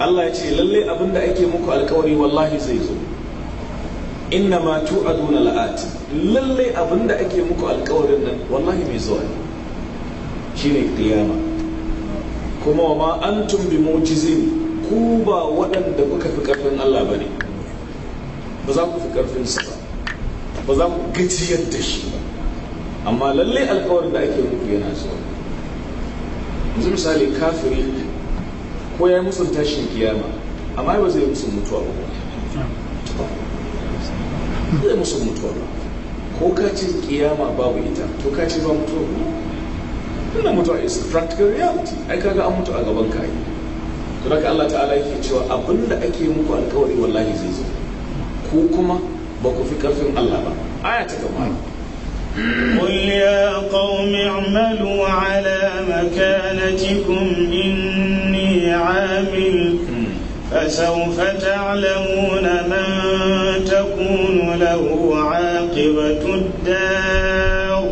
Allah ya ce lalle abinda ake muku alkawari wallahi zai zo inna ma tu'aduna la'at lalle abinda ake muku alƙawarin nan wallahi mai zuwa ne shine qiyama kuma wa ma antum bi mu'jizin ku ba waɗanda kuka fi karfin Allah bane ba za ku fi karfin sa ba ba za ku gajiyar da shi ba amma lalle alƙawarin da ake muku yana zuwa yanzu misali kafiri ko ya yi musun tashin kiyama amma ba zai musu mutuwa ba zai musu mutuwa ko ka ce kiyama babu ita to ka ce ba mutuwa wannan mutuwa is practical reality ai kaga an mutu a gaban ka ai to daga Allah ta'ala yake cewa abinda ake muku alkawari wallahi zai zo ku kuma ba ku fi karfin Allah ba aya ta gaba قل يا قوم اعملوا على مكانتكم إني عامل فسوف تعلمون من تكون له عاقبة الدار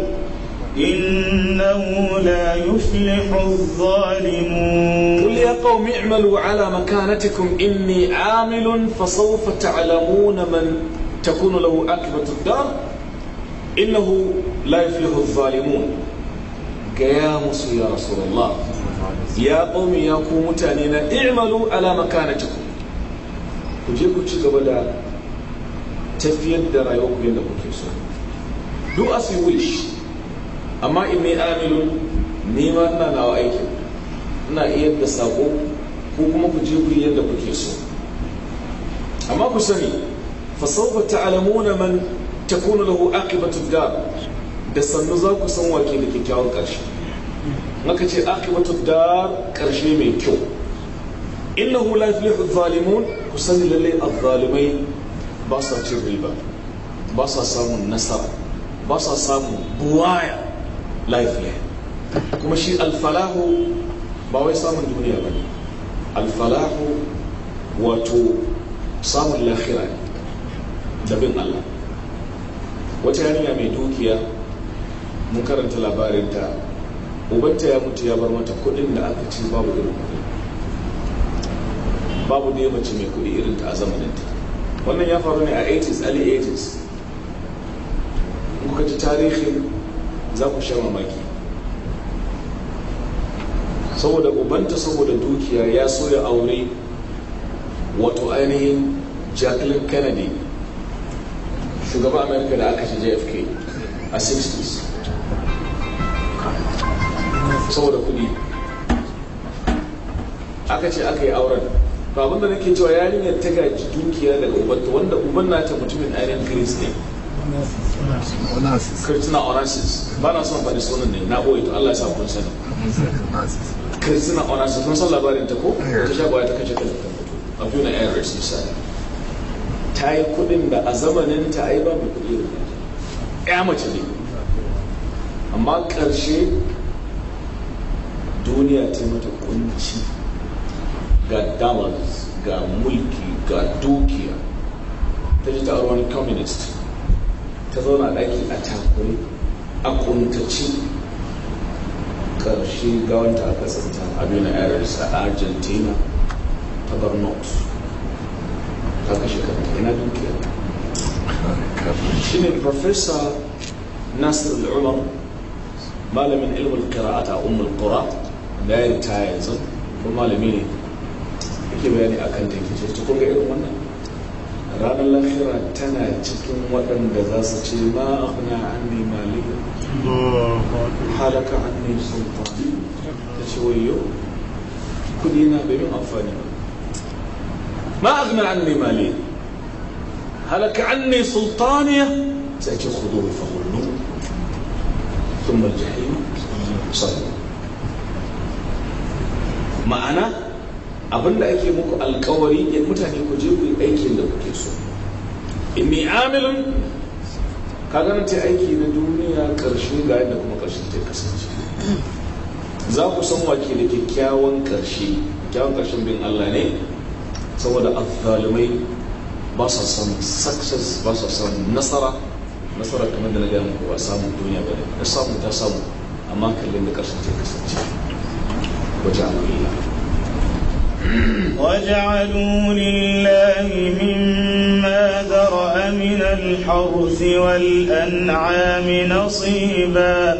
إنه لا يفلح الظالمون قل يا قوم اعملوا على مكانتكم إني عامل فسوف تعلمون من تكون له عاقبة الدار إنه لا يفلح الظالمون قيام يا رسول الله ya ƙomi ya ku mutane na i'malu na makanatikum ku je ku ci gaba da tafiyar da rayuwar ku yadda kuke so do as you wish amma in mai amilun nema ina nawa aikin ina iya da sako ko kuma ku je ku yi yadda kuke so amma ku sani fa sawfa ta'lamuna man takunu lahu aqibatu dar da sannu za ku san wake da kyakkyawan ƙarshe maka ce akibatu da karshe mai kyau innahu hu yuflihu adh-dhalimun ku sani lalle a dhalimai ba sa cin riba ba sa samun nasara ba sa samun buwaya lafiya kuma shi alfalahu ba wai samun duniya ba ne alfalahu wato samun lahira ne da bin Allah wata yarinya mai dukiya mun karanta labarinta ubanta ya mutu ya bar mata kudin da aka ci babu irin kudi babu ne mace mai kudi irin ta a zamanin ta. wannan ya faru ne a 80s early 80s kuka ji tarihin za ku sha mamaki saboda ubanta saboda dukiya ya so ya aure wato ainihin jacqueline kennedy shugaban america da aka ci jfk a 60s saboda kuɗi aka ce aka yi auren ba abinda nake cewa yarinyar ta gaji dukiya daga ubanta wanda uban ta mutumin ainihin greece ne Christina Onassis ba na son faɗi sunan ne na ɓoye to Allah ya sa kun sani Christina Onassis kun san labarin ta ko eh. ta sha ta kashe ta mutu a Buena Aires misali ta yi kuɗin da a zamanin ta ai ba mai kuɗi da ya mace ne amma ƙarshe duniya ta mata kunci ga dollars ga mulki ga dukiya ta ji ta wani communist ta zauna ɗaki a takuri a kuntaci ƙarshe gawanta a ƙasar a abin aires a argentina ta bar north ta kashe kanta ina dukiya shine professor nasir al'umar malamin ilmin kira'ata umar qura da ya ta yanzu ko malami ne yake bayani akan kan take ce kun ga irin wannan ranar lahira tana cikin waɗanda za su ce ma akhna anni maliya halaka anni sultani ta ce wayo kudi na bai min amfani ba ma akhna anni maliya halaka anni sultaniya sai ce khuduhu fa ghullu ثم الجحيم صلوا ma'ana abinda ake muku alkawari ya mutane ku je ku yi aikin da kuke so inni amilin ka ta aiki na duniya karshe ga yadda kuma karshe ta kasance za ku san wake da kyakkyawan karshe kyakkyawan karshen bin Allah ne saboda azzalumai ba sa son success ba sa son nasara nasara kamar da na gaya muku ba samun duniya ba ne da samu ta samu amma kallon da karshen ta kasance وجعلوا وجعلوا لله مما ذرأ من الحرث والأنعام نصيبا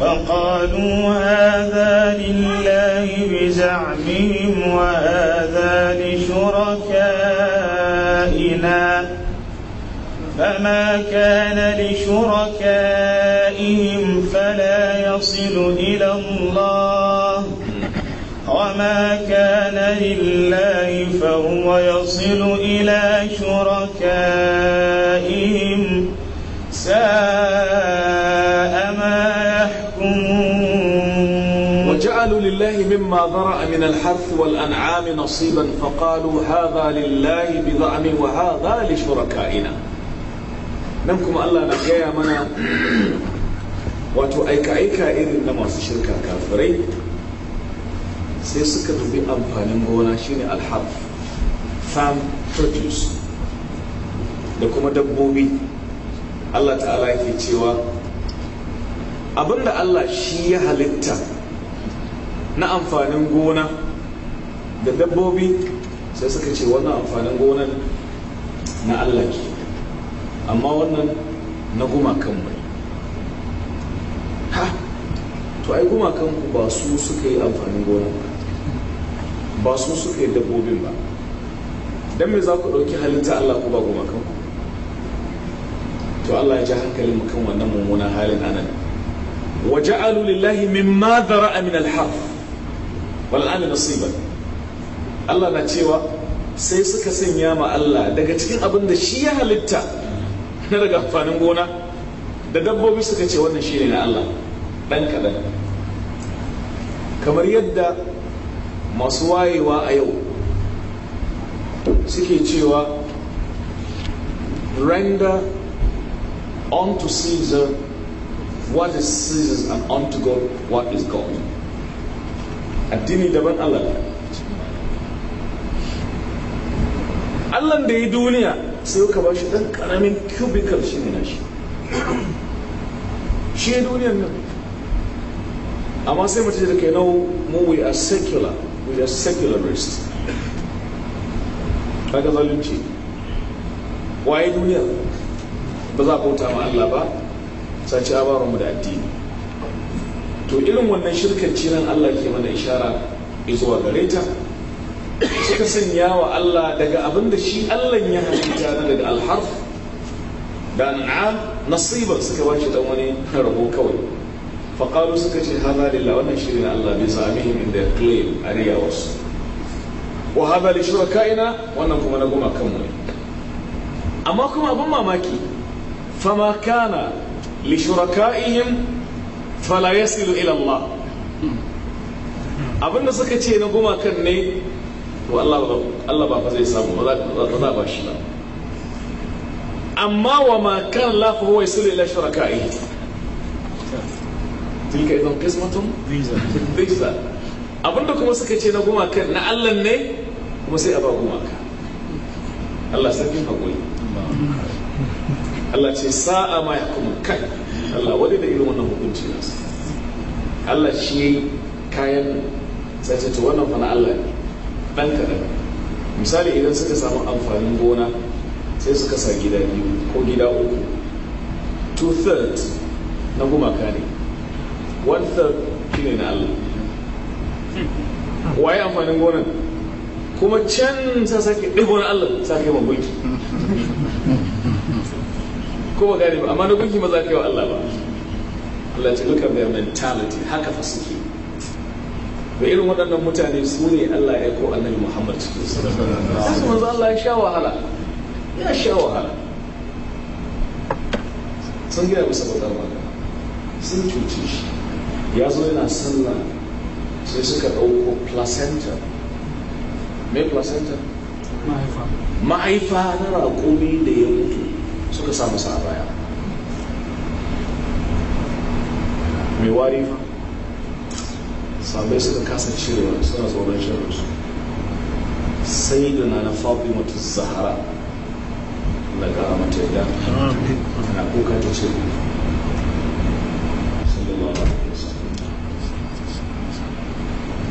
فقالوا هذا لله بزعمهم وهذا لشركائنا فما كان لشركائهم فلا يصل إلى الله وما كان لله فهو يصل إلى شركائهم ساء ما يحكمون وجعلوا لله مما ذرأ من الحرث والأنعام نصيبا فقالوا هذا لله بضعم وهذا لشركائنا نمكم الله نحيا منا وتؤيك أيك إذن نماس شركة كافرين sai suka dubi amfanin gona shine alhaf farm produce da kuma dabbobi Allah ta'ala yake cewa abinda Allah shi ya halitta na amfanin gona da dabbobi sai suka ce wannan amfanin gonan na Allah ke amma wannan na gumakan mai ha to ai gumakan ku ba su suka yi amfanin gona ba ba su suka dabbobin ba don me za ku ɗauki halitta Allah ku ba goma kanku to Allah ya ja hankali mu kan wannan mummunan halin anan wa ja'alu lillahi mimma ma min al-harf wal an nasiban Allah na cewa sai suka sanya ma Allah daga cikin abin da shi ya halitta na daga amfanin gona da dabbobi suka ce wannan shine na Allah dan kadan kamar yadda masu wayewa a yau suke cewa render unto caesar what is caesar's and unto god what is god addini daban allah allah da ya duniya sai ka ba shi dan karamin cubicle shi ne na shi Shi duniyar nan amma sai mace da kai nau mu we are secular with a secularist kaga zalunci waye duniya ba za bauta ma Allah ba sace abaranmu da addini to irin wannan shirkar ciran Allah ke mana ishara zuwa gare ta suka sanya wa Allah daga abin da shi Allah ya halitta na daga alharf da an'am nasiban suka wace dan wani rabo kawai faƙalu suka ce haza lillah wannan shirin Allah bi samihim in their claim a riya wasu wa haza li shurakaina wannan kuma na goma mu ne amma kuma abin mamaki fama kana li shurakaihim fala yasilu ila Abin da suka ce na goma kan ne to Allah ba fa zai samu ba za ba shi ba amma wa ma kana la fa huwa yasilu ila shurakaihim tilka idan kismatun dijza abinda kuma suka ce na gumakan na Allah ne kuma sai a ba gumaka Allah sarkin hakuri Allah ce sa'a ma yakum kai Allah wani da irin wannan hukunci nasu Allah shi yi kayan sai ce wannan fa na Allah ne dan kaɗan misali idan suka samu amfanin gona sai suka sa gida biyu ko gida uku two thirds na gumaka ne wansa ne na Allah waye amfanin gonan kuma can sa sake ɗigon Allah sa ke ma gunki ko ba gani ba amma na gunki ba za ka yi wa Allah ba Allah ce look bayan mentality haka fa suke da irin waɗannan mutane su ne Allah ya ko annabi Muhammad cikin su sai manzo Allah ya sha wahala ya sha wahala sun gina masa bakar ba sun cuce shi ya zo yana sallah sai suka ɗauko placenta mai placenta ma'aifa na raƙumi da ya mutu suka samu sa a baya mai wari fa sabai suka kasa cewa suna tsoron shirinsu sai da na na mata zahara daga mata yadda na kuka ta ce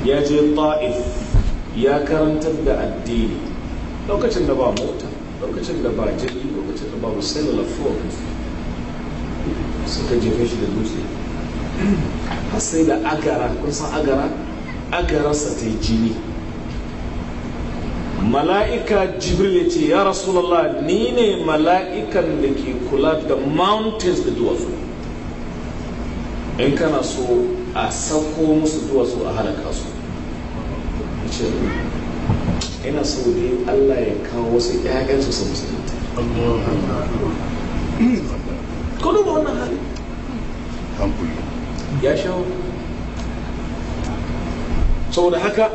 ya je ta'if ya karantar da addini lokacin da ba mota lokacin da ba jirgi lokacin da ba cellular phone suka jefe shi da dutse har sai da agara kun san agara agararsa ta jini mala'ika jibril ce ya rasulallah ni ne mala'ikan da ke kula da mountains da duwatsu in kana so a sako musu duwatsu a halaka su ce ina so ne Allah ya kawo wasu ƴaƴansu su musulunta ko duba wannan hali ya shawo saboda haka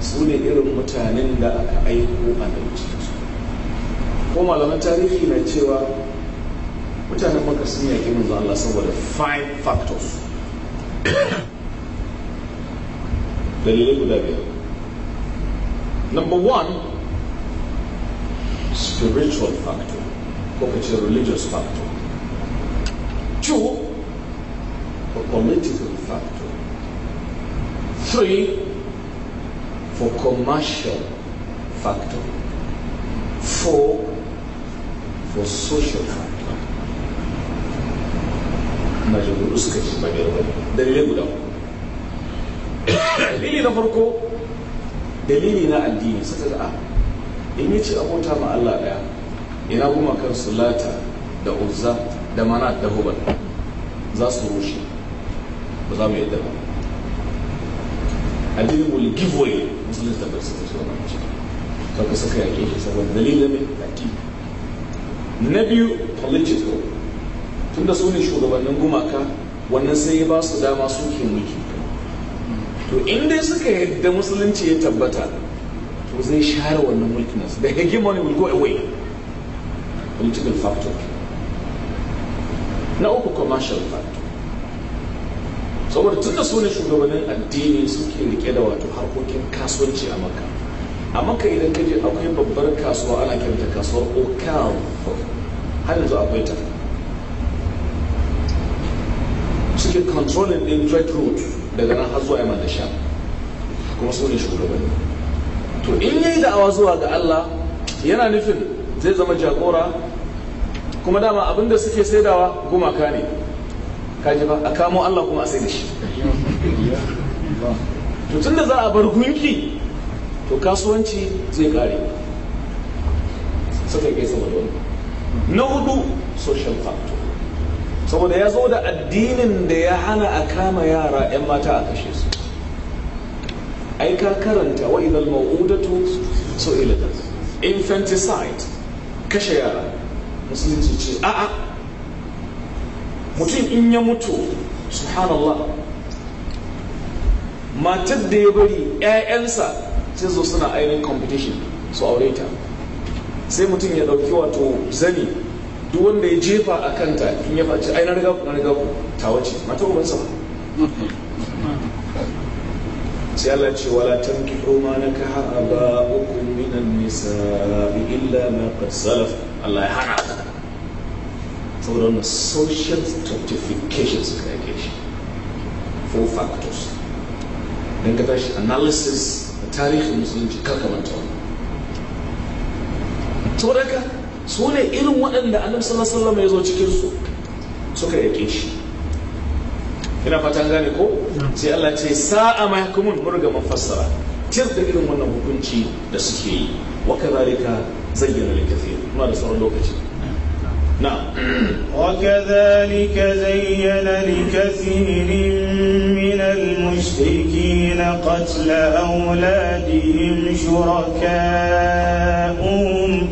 su ne irin mutanen da aka aiko a nan ko malaman tarihi na cewa mutanen maka sun yaƙi manzo Allah saboda five factors The دليلين مدابين Number one, spiritual factor. Okay, it's a religious factor. Two, a political factor. Three, for commercial factor. Four, for social factor. Imagine the risk of the Dalile guda. dalili na farko dalili na addini suka ga in yi ce abota ma Allah daya ina kuma kan sulata da uzza da mana da hubar za su rushe ba za mu yadda ba addini will give way musulun da bai su rushe wannan mace kaka suka yake shi saboda dalilin mai addini na biyu political tunda su ne shugabannin gumaka wannan sai ya ba su dama su ke mulki to in dai suka yadda musulunci ya tabbata to zai share wannan mulkin nasu hegemony will go away political factor na uku commercial factor saboda tunda su ne shugabannin addini suke rike da wato harkokin kasuwanci a maka a maka idan ka je akwai babbar kasuwa ana kiranta kasuwar okal har yanzu akwai ta suke controlling din dread route daga nan har zuwa yamma da sha kuma su ne shugabanni to in yayi da'awa zuwa ga Allah yana nufin zai zama jagora kuma dama abinda suke saidawa gumaka ne kaji ba a kamo Allah kuma a sai da shi to tunda za a bar gunki to kasuwanci zai kare suka kai sama da wani na hudu social factor saboda ya zo da addinin da ya hana a kama yara 'yan mata a kashe su ai ka karanta wa idan ma'udatu so ilata infanticide kashe yara musulunci ce a'a mutum in ya mutu subhanallah matar da ya bari 'ya'yansa sai zo suna ainihin competition su aureta. sai mutum ya ɗauki wato zani duk wanda ya jefa a kanta in ya faci ai na riga ku na riga ku ta wace mata uban sa sai Allah ce wala tankihu ma haba aba'ukum minan nisa'i illa ma qad salaf Allah ya hana saboda social stratification suka shi four factors dan ka tashi analysis da tarihin musulunci kar tsoraka. su ne irin waɗanda annabi sallallahu alaihi wasallam ya zo cikin su suka yake shi ina fatan gane ko sai Allah ce sa'a ma hukumun murga man fassara tir da irin wannan hukunci da suke yi wa kadhalika zayyana likathir muna da sauran lokaci نعم وكذلك زين لكثير من المشركين قتل أولادهم شركاؤهم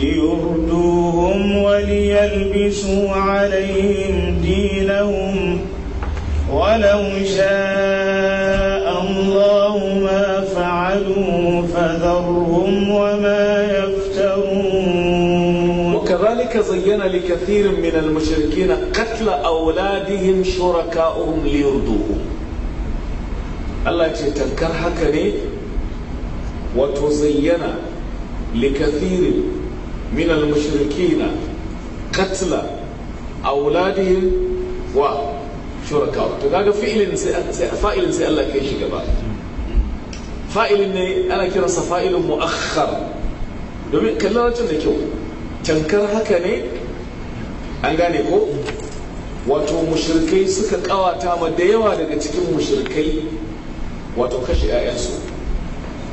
ليردوهم وليلبسوا عليهم دينهم ولو شاء الله ما فعلوا فذرهم وما يفترون وكذلك زين لكثير من المشركين قتل أولادهم شركاؤهم ليردوهم الله تنكر هكذا وتزين لكثير من المشركين قتل أولادهم وشركاء تقاقى فائل فائل سي الله كيش قبا فائل إني أنا كرس فائل مؤخر domin kallon da kyau cankar haka ne an gane ko wato mushirkai suka kawata ma da yawa daga cikin mushirkai wato kashe 'ya'yansu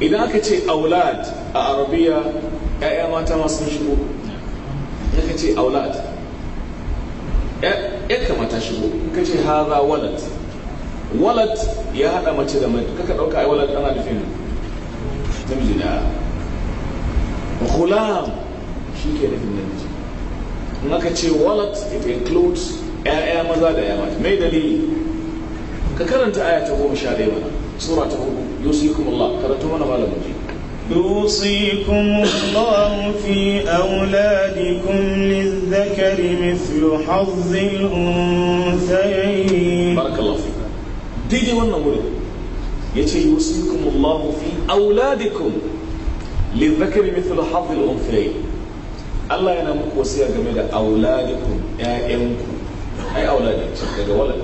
idan aka ce aulad a arabiya ‘ya'ya mata ma sun shigo ya ka ce aulat ya kamata shigo ka ce haza walat walat ya haɗa mace da mai kaka ɗauka ai walat ana nufin namiji da ghulam shi ke nufin namiji in aka ce walat it includes ‘ya'ya maza da ‘ya mata mai dalili ka karanta aya ta goma sha ɗaya mana sura ta hudu yusufu kuma Allah karanta mana malamin يوصيكم الله في أولادكم للذكر مثل حظ الأنثيين بارك الله فيك ديدي وانا ولد يوصيكم الله في أولادكم للذكر مثل حظ الأنثيين الله ينام وصية جميلة أولادكم يا أمكم أي أولادك شكرا ولد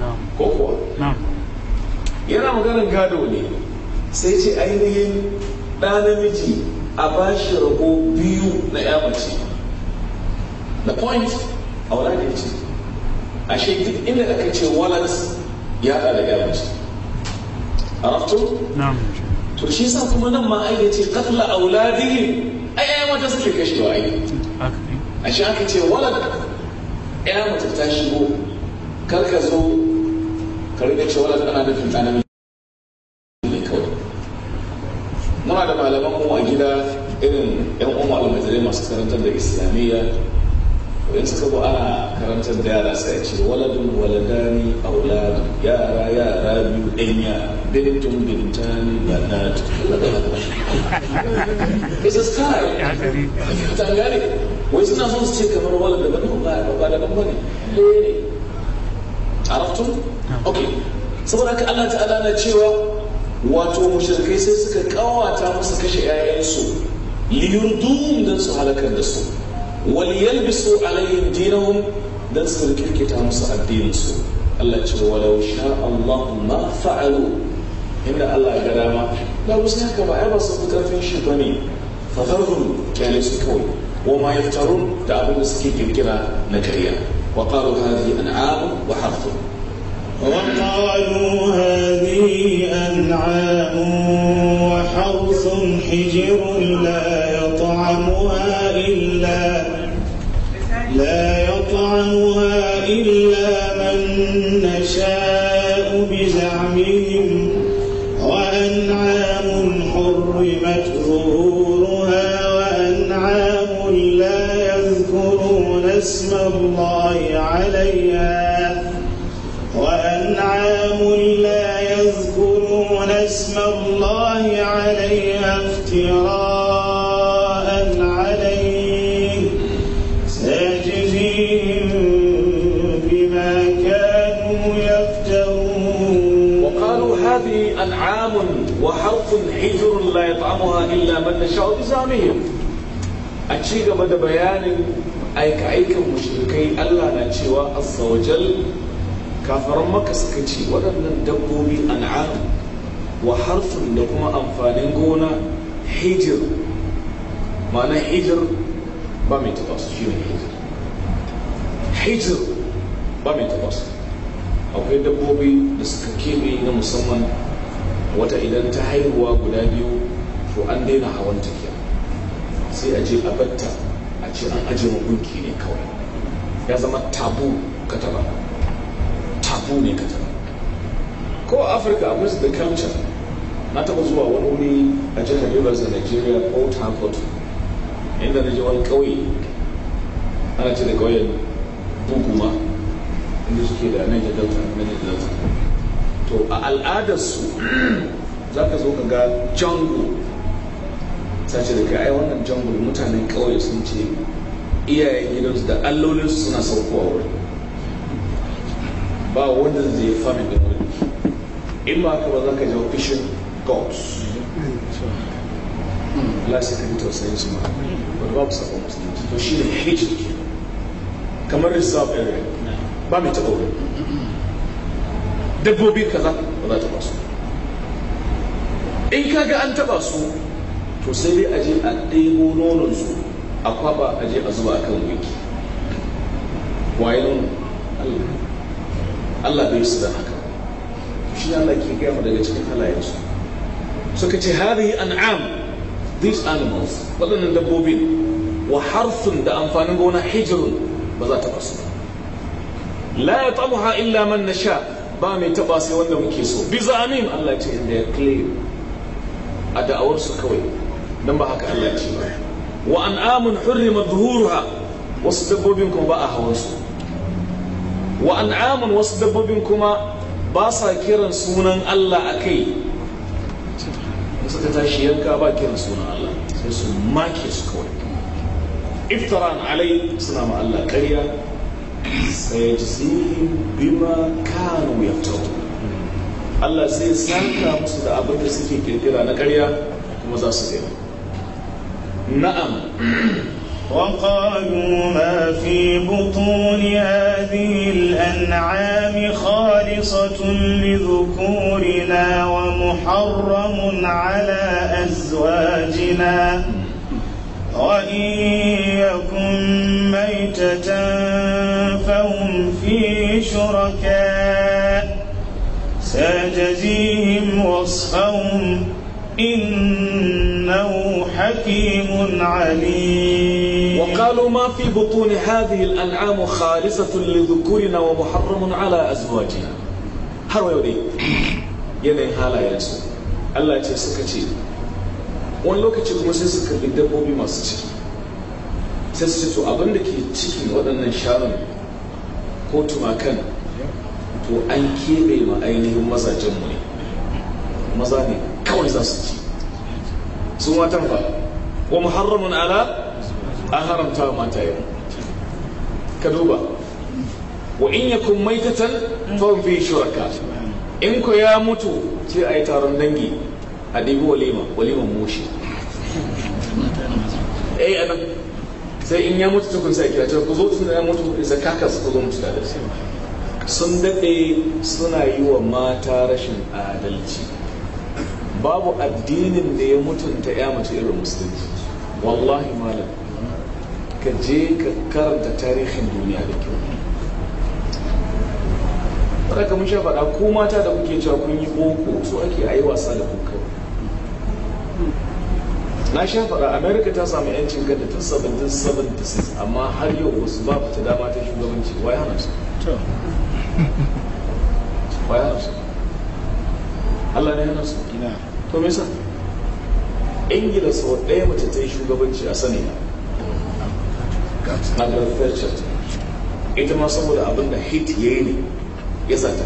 نعم كوكوا نعم ينام غير قادوني سيتي أينهم ɗa namiji a ba shi rago biyu na ya mace the point a ne ce a shekin inda aka ce walad ya da ya mace a na'am to shi sa kuma nan ma ai yace a auladihim a ai mata suke kashewa a shi aka ce walad ya mace ta shigo kar ka zo ka rika ce walad ana nufin ɗa namiji muna da malaman mu a gida irin yan uwan malamai zare masu karantar da islamiyya in suka bu ana karantar da yara sai ce waladun waladani auladu yara yara biyu ɗan yara bintun bintani banat isa sky tangare wai suna son su ce kamar walad da banu ba ba da nan bane eh araftun okay saboda haka Allah ta'ala na cewa wato mushrikai sai suka kawata musu kashe 'ya'yansu dun don su halakar da su wal yalbisu alaihim dinahum don su kirkita musu addininsu Allah ce walau sha Allah ma fa'alu inda Allah ga dama da ba haka ba ai ba su fi karfin shi bane fadarhum kyale su kawai wa ma yaftarun da abin da suke kirkira na kariya. wa qalu hadhihi an'am wa harthun وقالوا هذه أنعام وحرث حجر لا يطعمها إلا لا يطعمها إلا من نشاء بزعمهم وأنعام حرمت ظهورها وأنعام لا يذكرون اسم الله عليها أنعام لا يذكرون اسم الله عليها افتراء عليه ساجزين بما كانوا يفترون وقالوا هذه أنعام وحرف حجر لا يطعمها إلا من نشاء بزعمهم أتشيق مدى بيان أيك أيك مشركي ألا نتشوى عز وجل kafaran maka suka ce waɗannan dabbobi an'am wa harfin da kuma amfanin gona hijir ma'ana hijir ba mai taɓa su shi hijir hijir ba mai taɓa su akwai dabbobi da suka keɓe na musamman wata idan ta haihuwa guda biyu to an daina hawan tafiya sai a je a batta a ce an ajiye gunki ne kawai ya zama tabu ka taɓa mu ne ka tara ko afirka a da culture na taba zuwa wani wuri a jihar rivers da nigeria port harcourt inda na je wani ƙauye ana ce da ƙauyen buguma inda suke da niger delta niger delta to a al'adarsu za ka zo ka ga jungle ta ce da kai ai wannan jungle mutanen ƙauye sun ce iyayen gidansu da allolinsu suna saukowa wurin ba wanda zai fami da wani in ba ka ba za ka ji official gods Allah sai ka ji tausayin su ma wani babu sabon musulunci to shi ne hijir ke kamar reserve area ba mai taɓa wani dabbobi kaza ba za ta ba su in kaga an taɓa su to sai dai aje a ɗebo nonon su a kwaba aje a zuba akan wiki waye Allah bai su da haka shi Allah ke gaya mu daga cikin halayensu suka ce hadhihi an'am these animals waɗannan dabbobin wa harsun da amfanin gona hijirun ba za ta basu la yatamuha illa man nasha ba mai taba sai wanda muke so bi zamin Allah ce in their claim a da'awar su kawai dan ba haka Allah ce ba wa an'amun hurrimat zuhuruha wasu dabbobin kuma ba a hawan su wa an'amun wasu dabbobin kuma ba sa kiran sunan Allah a kai suka tashi yanka ba kiran sunan Allah sai su make su kawai iftaran alai suna ma Allah ƙarya sai jisihim bima kanu yaftaru Allah sai saka musu da abin da suke kirkira na karya kuma za su na'am وقالوا ما في بطون هذه الأنعام خالصة لذكورنا ومحرم على أزواجنا وإن يكن ميتة فهم فيه شركاء سيجزيهم وصفهم إنه حكيم عليم وقالوا ما في بطون هذه الأنعام خالصة لذكورنا ومحرم على أزواجنا har wayo dai yanayin halayensu Allah ce suka ce wani lokaci kuma sai su kalli dabbobi masu ciki sai su ce to abin da ke cikin waɗannan sharon ko tumakan to an keɓe ma ainihin mazajenmu ne maza ne kawai za su ci sun watan fa wa muharramun ala an haramta wa mata yau ka duba wa in kun maitatan fa fi shuraka in ko ya mutu sai a yi taron dangi a ɗibi walima waliman mushi eh anan sai in ya mutu tukun sai kira ku zo tun da ya mutu isa kaka su zo mutu da sun daɗe suna yi wa mata rashin adalci babu addinin da ya mutunta ya mace irin musulunci wallahi malam ka je ka karanta tarihin duniya da kyau ba ka mun sha faɗa ko mata da kuke cewa kun yi boko su ake a yi wasa da kuka na sha faɗa america ta samu yancin gada tun 1776 amma har yau wasu ba ta dama ta shugabanci wai hana su Allah ne hana su ina to me sa ingila sau ɗaya mace ta yi shugabanci a sani na garfacin ita ma saboda abin da hit ya yi ne ya sa ta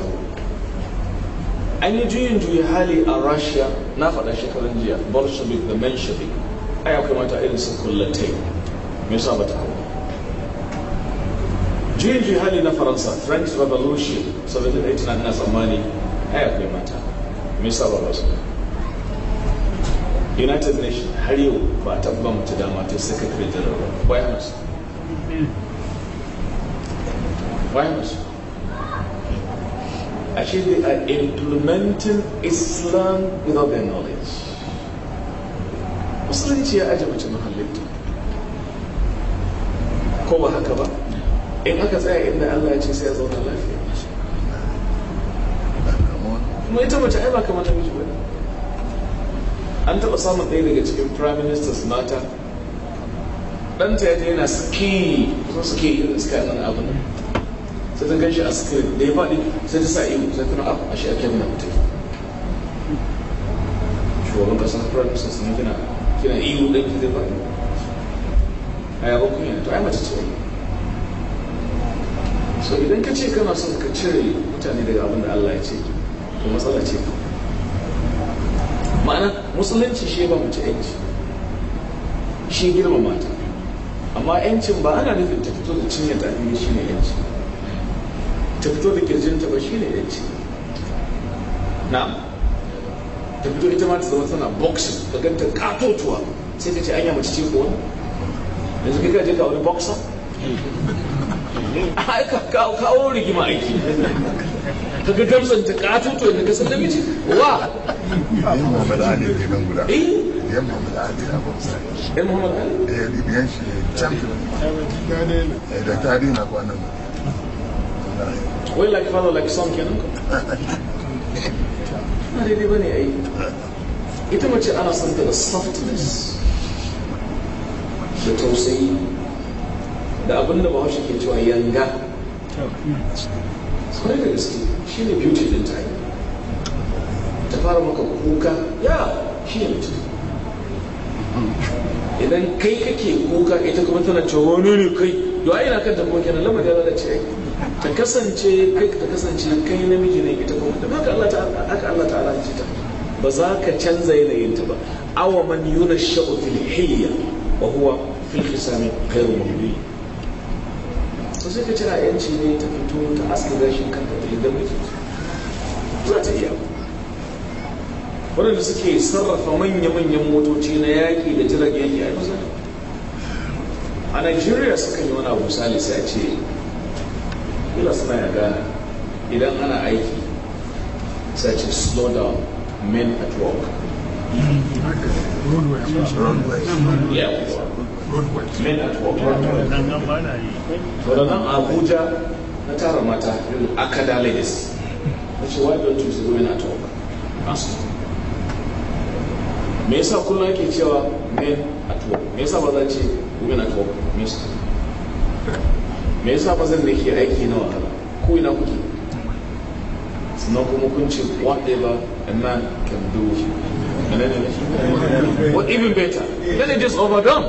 an yi juyin juyi hali a russia na faɗa shekarun jiya bolshevik da menshevik ai akwai mata irin su kullatai me sa ba ta hau juyin juyi hali na faransa french revolution 1789 na tsammani ai akwai mata me sa ba ba su united nations har yau ba ta ba mace dama ta secretary general ba why not why not actually they are implementing islam without their knowledge musulunci ya aje mace mahallinta ko ba haka ba in aka tsaya inda allah ya ce sai ya zauna lafiya kuma ta mace ai ba ta miji ba ne an taɓa samun ɗaya daga cikin prime ministers mata ɗanta ya yana suke kusan suke yi da suka yana abu ne. sai ta gashi a suke da ya faɗi sai ta sa ihu sai na abu ah, a shi ake na mutum shugaban ƙasa prime ministers ne kina kina ihu ɗan ki zai faɗi a yaba kunya to ai mace ce so idan ka ce kana son ka cire mutane daga abin da Allah ya ce to matsala ce ma'ana musulunci shi ba mace yanci shi girma mata amma yancin ba ana nufin ta fito da cinye ta abin shi ne yanci ta fito da ta ba shi ne yanci na ta fito ita ma ta zama tana boxing ka ganta katotuwa sai ka ce anya mace ce ko yanzu kai ka je ka wani boxer a haka kawo rigima aiki ka ga damsan ta katuto yadda ka san namiji wa yan muhammad ali ne nan guda eh? yan muhammad ali na bamsa yan muhammad ali eh bibiyan shi champion eh da tari na kwanan wai like father like son kenan ko ba daidai a yi. ita mace ana son ta da softness da tausayi da abinda bahaushe ke cewa yanga kwarai da gaske shi ne beauty din ta ta fara maka kuka ya shi ne beauty idan kai kake kuka ita kuma tana cewa wani ne kai yau ai na kan ta kuma kenan lamarin ya ce ta kasance kai ta kasance kai namiji ne ita kuma da maka Allah ta'ala haka Allah ta'ala ce ta ba za ka canza yanayin ta ba awa man yunashu fil hiyya wa huwa fil khisami kai mubin to sai ka cira yanci ne ta fito ta aske gashin kanta gangan da za ta iya waɗanda suke sarrafa manya-manyan motoci na yaƙi da jiragen yaƙi a yanzu a nigeria suka yi wani abu misali sai a ce ila suna ya gana idan ana aiki sai a ce slow down men at work men at work waɗannan abuja na tara mata irin akada ladies na ce why don't you go yana talk ask me yasa kullum ake cewa men at work me yasa ba za ce women at work mist me yasa ba zan da ke aiki na wahala ko ina kuke sannan kuma kun ce whatever a man can do and then what even better then it just overdone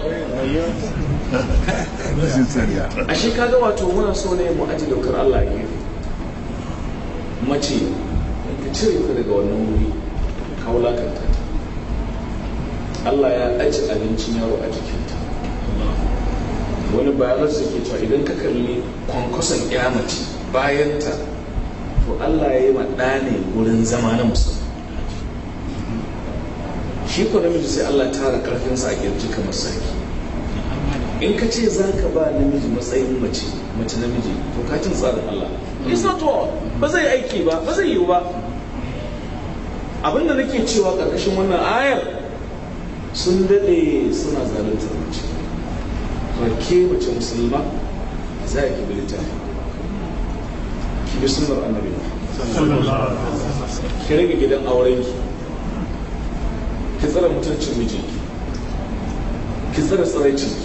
ashe kaga wato muna so ne mu aji daukar Allah gefe mace ka cire ka daga wannan wuri ka wulakanta Allah ya aji abincin yaro a jikinta wani su ke cewa idan ka kalli kwankwason kyamaci bayanta to Allah ya yi ma ne wurin zama na musamman shi ko namiji sai Allah tara karfinsa a girji kamar sarki in ka ce za ka ba namiji matsayin mace mace namiji to ka cin tsarin Allah it's not all ba zai aiki ba ba zai yiwu ba abinda nake cewa karkashin wannan ayar sun dade suna zalunta mace barke mace musulma za a ki bilita ki bi sunnar annabi ki rage gidan aurenki ki tsara mutuncin mijinki ki tsara tsaraicin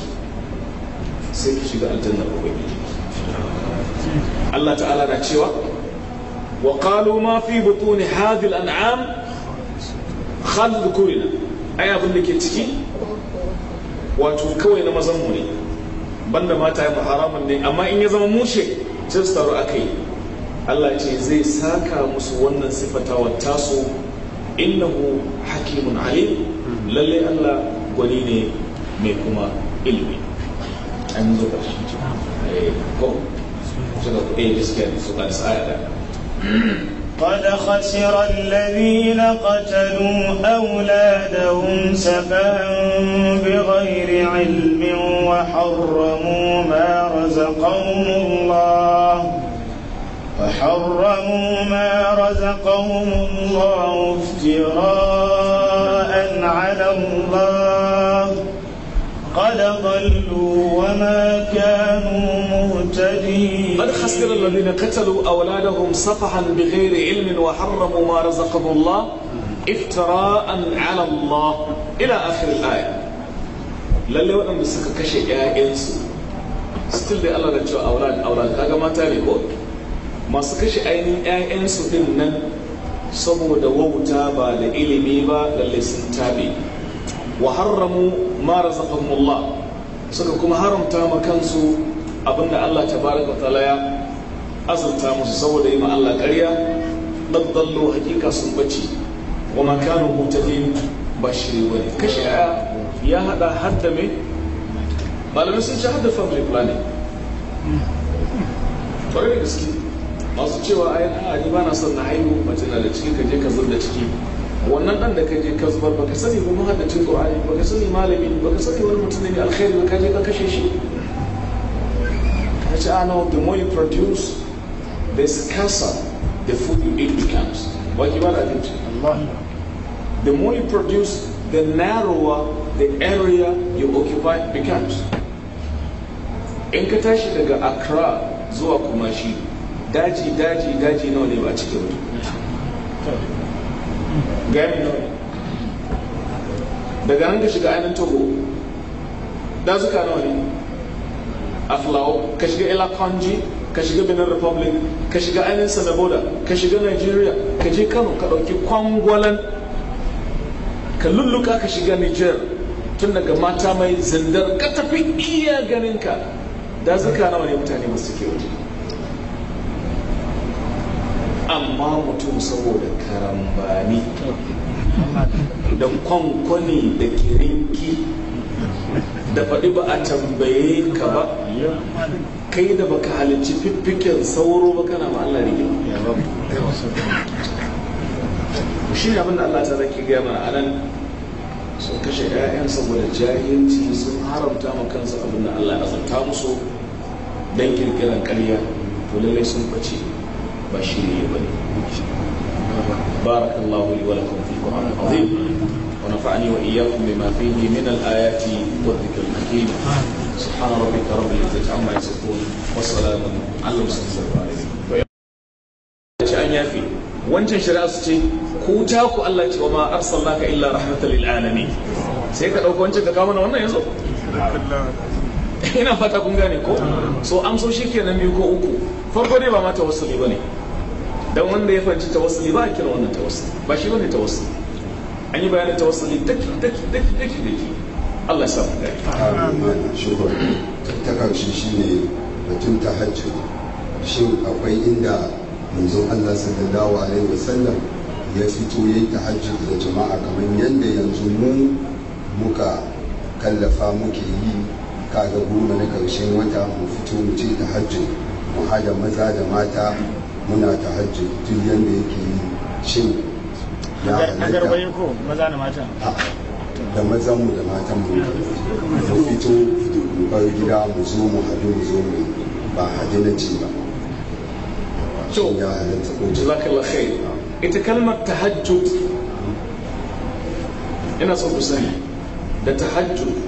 sai ki shiga aljanna ubangiji Allah ta'ala na cewa wa qalu ma fi butuni hadhihi al'am khal ai abin da ke ciki wato kawai na mazan mu ne banda mata ya haramun ne amma in ya zama mushe sai su taru akai Allah ce zai saka musu wannan wa taso innahu hakimun alim lalle Allah gwani ne mai kuma ilimi قد خسر الذين قتلوا أولادهم سفا بغير علم وحرموا ما رزقهم الله وحرموا ما رزقهم الله افتراء على الله قد ضلوا وما كانوا مهتدين قد خسر الذين قتلوا أولادهم صفحا بغير علم وحرموا ما رزقهم الله افتراء على الله إلى آخر الآية lalle waɗanda suka kashe ‘ya'yansu still dai Allah da cewa aulad aulad kaga mata ne ko masu kashe ‘ya'yansu din nan saboda wauta ba da ilimi ba lallai sun tabe wa harramu ma razaqahumullah suka kuma haramta ma kansu abinda Allah tabaraka ta'ala ya azurta musu saboda yin ma Allah ƙarya daddallo hakika sun bace wa ma kanu mutadin ba shiri bane kashi aya ya hada hadda me malamai sun ci hadda family planning kwarai da gaske masu cewa ayan a ni ba na son na haihu mace na da ciki ka je ka zurda ciki wannan dan da kaje ka zubar baka sani ba mahaddacin qur'ani baka sani malami baka sani wani mutum ne alkhairi ba je ka kashe shi kace ana ah, the more you produce the scarcer the food you eat becomes waki ba ce. Allah the more you produce the narrower the area you occupy becomes in ka tashi daga accra zuwa kumashi daji daji daji nawa ne ba cikin mutum nawa daga nan ka shiga ainihin togo dazuka nawa ne a flau ka shiga ila kanji ka shiga benin republic ka shiga ainihin sanaboda ka shiga nigeria ka je kano ka ɗauki kwangwalan ka lulluka ka shiga niger tun daga mata mai zindar ka tafi iya ganinka dazuka nawa ne mutane masu kewaye amma mutum saboda karambani da kwankwani da kirinki da faɗi ba a tambaye ka ba kai da baka halici fiffiken sauro ba kana ma Allah ba shi ne abinda Allah ta zaki gaya mana anan sun kashe 'ya'yan saboda jahilci sun haramta ma kansu abinda Allah ya azanta musu don kirkiran ƙarya to lallai sun bace ba shi ne ba ne بارك الله لي ولكم في القرآن العظيم ونفعني وإياكم بما فيه من الآيات والذكر الحكيم سبحان ربك رب العزة عما يصفون وسلام على المرسلين an yafi wancan shari'a su ce ku ta ku Allah ce wa ma arsalnaka illa rahmatan lil alamin sai ka dauko wancan ka kawo ina fata kun gane ko so amsoshi kenan biyu ko uku farko dai ba ma tawassuli ne don wanda ya fahimci tawassuli ba a kira wannan tawassuli ba shi bane tawassuli an yi bayanin tawassuli daki daki daki daki daki Allah ya samu gari amin shukran ta karshe shine batun tahajjud shin akwai inda manzon Allah sallallahu alaihi wasallam ya fito yayin tahajjud da jama'a kamar yanda yanzu mu muka kallafa muke yi kaga goma na karshen wata mu fito mu ce ta hajji mu hada maza da mata muna ta hajji duk yadda yake yi shin ya ko maza da mata da mazan mu da matan mu mu fito bar gida mu zo mu hadu mu zo mu ba hadu na ci ba to jazakallahu khair ita kalmar tahajjud ina son ku sani da tahajjud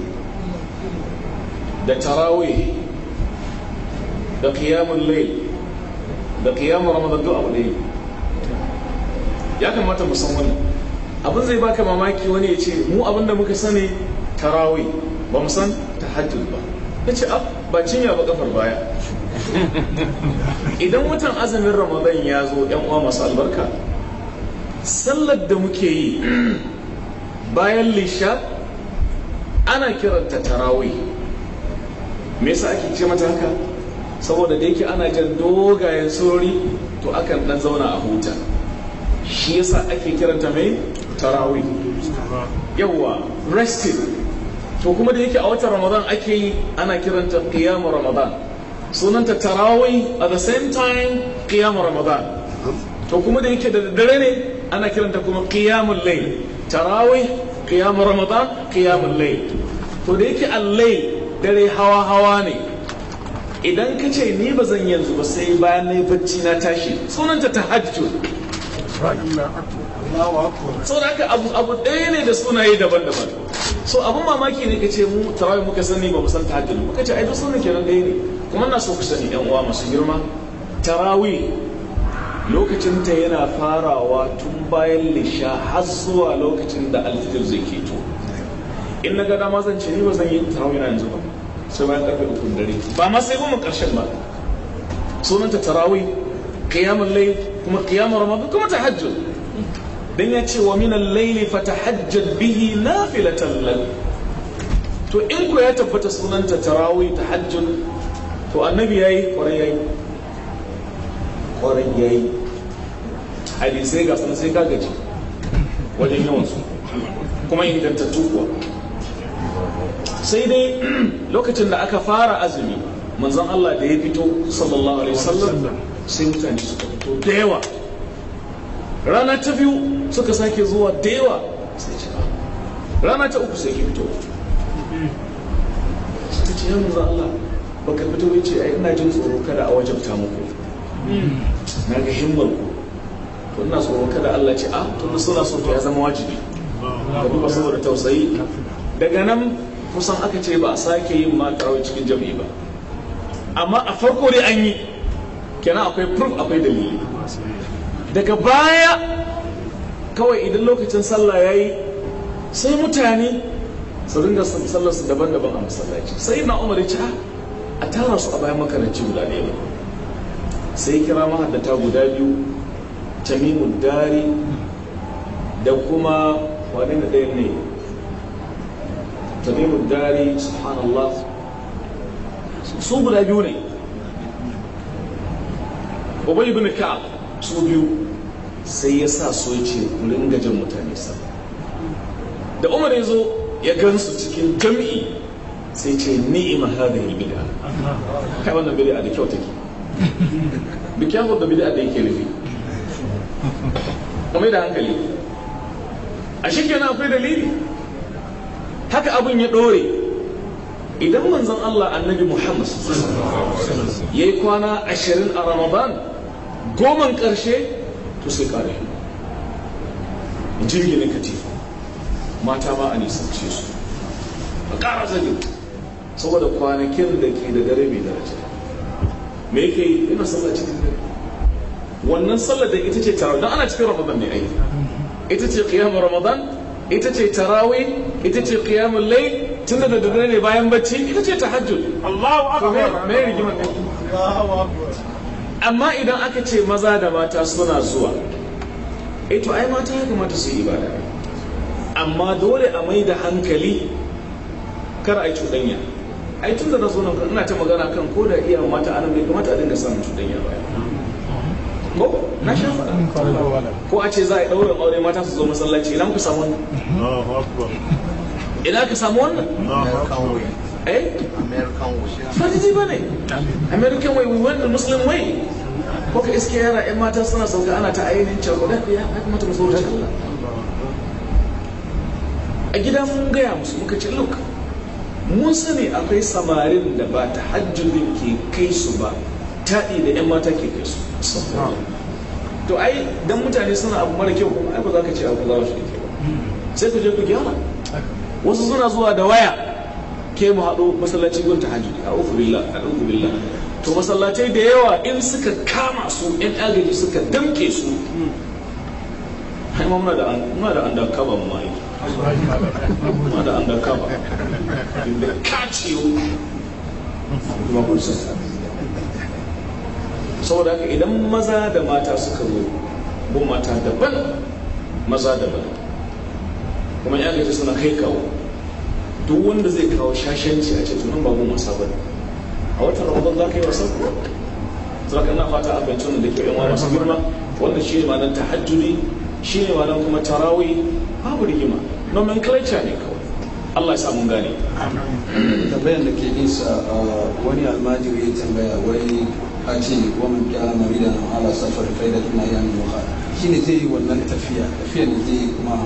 da tarawih da qiyamul layl da qiyam ramadan duk abu ya kamata mu san wannan abin zai baka mamaki wani ya ce mu abin da muka sani tarawih ba mu san tahajjud ba ya ce ab ah, ba cinya ba kafar baya idan watan azumin ramadan ya zo yan uwa masu albarka sallar da muke yi bayan lisha ana kiranta tarawih me yasa ake ce mata haka saboda da yake ana jan dogayen sorori to akan dan zauna a huta shi yasa ake kiranta mai tarawi yawa resting to kuma da yake a watan ramadan ake yi ana kiranta qiyam ramadan sunanta tarawih at the same time qiyam ramadan to kuma da yake da dare ne ana kiranta kuma qiyamul layl tarawih qiyam ramadan qiyamul layl to da yake al-layl dare hawa hawa ne idan ka ce ni ba zan yanzu ba sai bayan na yi bacci na tashi sunanta ta hajjo so da haka abu abu ɗaya ne da sunaye daban-daban so abun mamaki ne ka ce mu tarawih muka sani ba mu san ta hajjo muka ce ai duk sunan kenan ɗaya ne kuma na so ku sani yan uwa masu girma tarawih lokacin ta yana farawa tun bayan lisha har zuwa lokacin da alfijir zai keto in na ga dama zan ce ni ba zan yi tarawih na yanzu ba sai bayan karfe ukun dare ba ma sai goma karshen ba sunanta tarawih qiyamul layl kuma qiyamul ramadan kuma tahajjud dan ya ce wa min al-layl fatahajjad bihi nafilatan lak to in ko ya tabbata sunanta tarawih tahajjud to annabi yayi kwarai yayi kwarai yayi hadisai ga sun sai ka gaji wajen yawan su kuma in ingantattu kuwa sai dai lokacin da aka fara azumi manzon Allah da ya fito sallallahu alaihi wasallam sai mutane suka fito da yawa rana ta biyu suka sake zuwa da yawa sai ce ah. rana ta uku sai ke fito sai ce ya manzon Allah baka fito ya ce ai ina jin tsoro kada a wajabta muku na ga himmar ku to ina tsoro kada Allah ce a to na suna so ya zama wajibi da ba saboda tausayi daga nan kusan aka ce ba a sake yin ma cikin jami'i ba amma a farko dai an yi kenan akwai proof akwai dalili daga baya kawai idan lokacin sallah ya yi sai mutane su ringa sallar su daban-daban a masallaci sai na umar ya ce ah, a tara su a bayan makaranci guda ɗaya ne sai kira mahaddata guda biyu tamimun dari da kuma wani da ɗaya ne tamimu dari subhanallah su guda biyu ne ubay ibn su biyu sai ya sa so ya ce mutane da umar ya zo ya su cikin jam'i sai ce ni'ima hadhihi bid'a kai wannan bid'a da kyau take bi kyau da bid'a da yake rufi kuma da hankali a shi kenan akwai dalili haka abin ya ɗore idan manzon Allah annabi Muhammad ya yi kwana ashirin a Ramadan goman ƙarshe to sai ƙare jirgin katifa mata ma a nisance su a ƙara zagin saboda kwanakin da ke da dare mai daraja me yake yi yana sallah cikin dare wannan sallar da ita ce tarawih don ana cikin Ramadan ne ai ita ce qiyam Ramadan ita ce tarawi ita ce kiyamun lai tun da dare ne bayan bacci ita ce tahajjud Allahu akbar amma idan aka ce maza da mata suna zuwa eh ai mata ya kamata su yi ibada amma dole a mai da hankali kar a yi cuɗanya ai tun da na zo nan ina ta magana kan ko da iya mata anan bai kamata a dinga samun cuɗanya ba ko na sha faɗa ko a ce za a yi ɗaurin aure mata su zo masallaci ina ku samu wannan ina ka samu wannan eh strategy ba ne american way we ne the muslim way ko ka iske yara yan mata suna sauka ana ta ainihin cakuɗa ya kamata mu tsoraci Allah a gida mun gaya musu muka ce look mun sani akwai samarin da ba ta hajjudin ke kai su ba taɗi da 'yan mata ke kai su to ai dan mutane suna abu mara kyau kuma ai ba za ka ce abu za su ke ba sai ku je ku gyara wasu suna zuwa da waya ke mu haɗo masallaci gun tahajjudi a uku billah a uku billah to masallatai da yawa in suka kama su in agaji suka damke su ai muna da muna da kaba mu ai muna da an inda kaciyo ba kun san saboda haka idan maza da mata suka zo bu mata daban maza daban kuma ya gaji suna kai kawo duk wanda zai kawo shashanci a cikin babu masa ba a watan ramadan za ka yi ko za ka na fata a fahimci da ke yawa masu girma wanda shi ne ma nan tahajjudi shi ne ma nan kuma tarawi babu rigima nomenclature ne kawai Allah ya sa mun gane tambayar da ke nisa ah, wani almajiri ya tambaya wai a ce wa mun waman mari da nan ala safar da tuna ya mu shi ne zai yi wannan tafiya tafiya ne zai yi kuma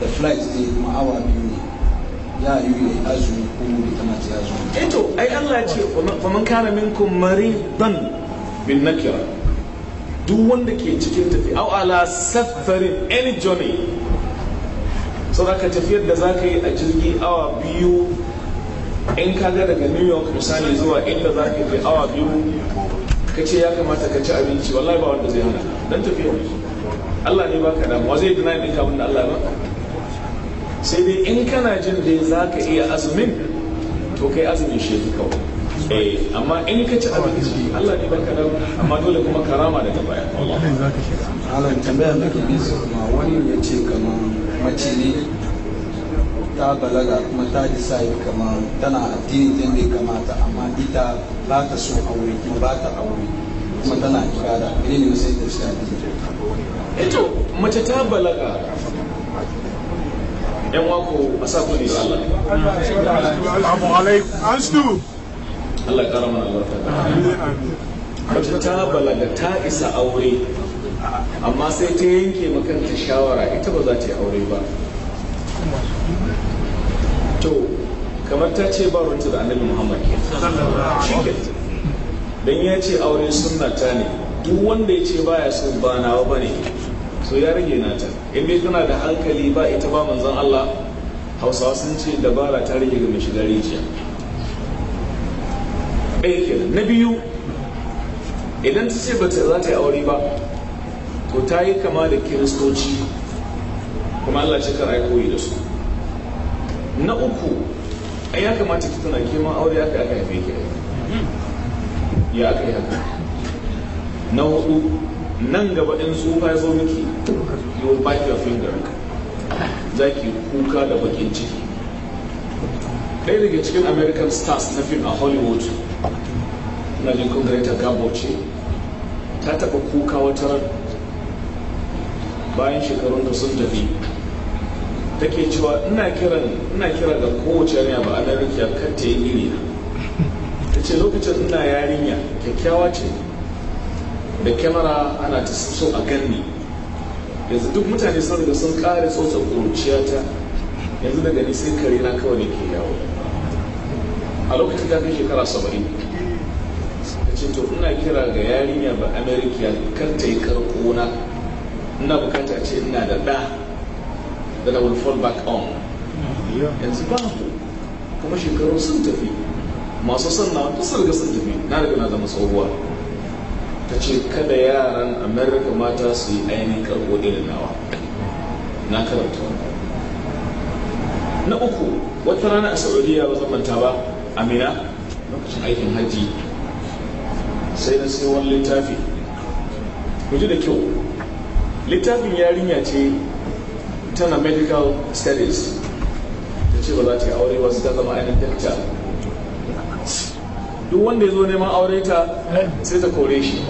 da flight zai yi kuma awa biyu ne ya yi ne azumi ko ne ta ce azumi eto eh ai Allah ce faman kana minkum dan min nakira duk wanda ke cikin tafiya au ala safarin any journey so ka tafiyar da za ka yi a jirgi awa biyu in kaga daga new york misali zuwa inda za ka je awa biyu ka ce ya kamata ka ci abinci wallahi ba wanda zai hana dan tafiya Allah ne baka da mu zai dina ne ka wanda Allah ba sai dai in kana jin dai za ka iya azumin to kai azumin shi ka eh amma in ka ci abinci Allah ne baka da amma dole kuma karama daga baya wallahi za ka shiga Allah tambaya nake bisa ma wannan yace kamar mace ne ta balaga kuma ta decide kama tana addini ta yadda ya kamata amma ita ba ta so aure kuma ba ta aure kuma tana ibada mene ne sai ta shi addini eto eh mace ta balaga yan wako a sa ku ne Allah amma alaikum astu Allah ya kara mana albarka mace ta balaga ta isa aure amma sai ta yanke makanta shawara ita ba za ta yi aure ba kamar ta ce ba rutu da annabi muhammad don ya ce aure sunna ta ne duk wanda ya ce baya so ba nawa ba ne so ya rage nata in dai kana da hankali ba ita ba manzon Allah hausawa sun ce dabara ta rage ga mai shiga rijiya na biyu idan ta ce bata za ta yi aure ba to ta yi kama da kiristoci kuma Allah ce aiko koyi da su na uku ai ya kamata ki tana keman aure aka aka haife ki ya aka yi haka na hudu nan gaba in tsufa ya zo miki you will bite your finger za ki kuka da bakin ciki ɗaya daga cikin american stars na fim a hollywood na jin congreta gabo ce ta taɓa kuka wata ran bayan shekarun da sun tafi take cewa ina kiran ina kira ga kowace yarinya ba ana rikiya ta yi iri ta ce lokacin ina yarinya kyakkyawa ce da kyamara ana ta so a ganni yanzu duk mutane sun riga sun kare tsotsa ta yanzu daga ni sai kare na kawai ke yawo a lokacin ta kai shekara saba'in ta ce to ina kira ga yarinya ba amerika kan ta yi na. ina bukata ce ina da ɗa then I will fall back on yanzu babu kuma shekaru sun tafi masu sannan ta sarga sun tafi na daga na zama tsohuwa ta ce kada yaran Amerika mata su yi ainihin karɓo ilin nawa na karanta na uku wata rana a saudiya ba zan manta ba amina lokacin aikin hajji sai na sai wani littafi mu ji da kyau littafin yarinya ce tana medical studies ta ce ba za ta yi aure ba su ta zama ainihin dokta duk wanda ya zo neman aure ta sai ta kore shi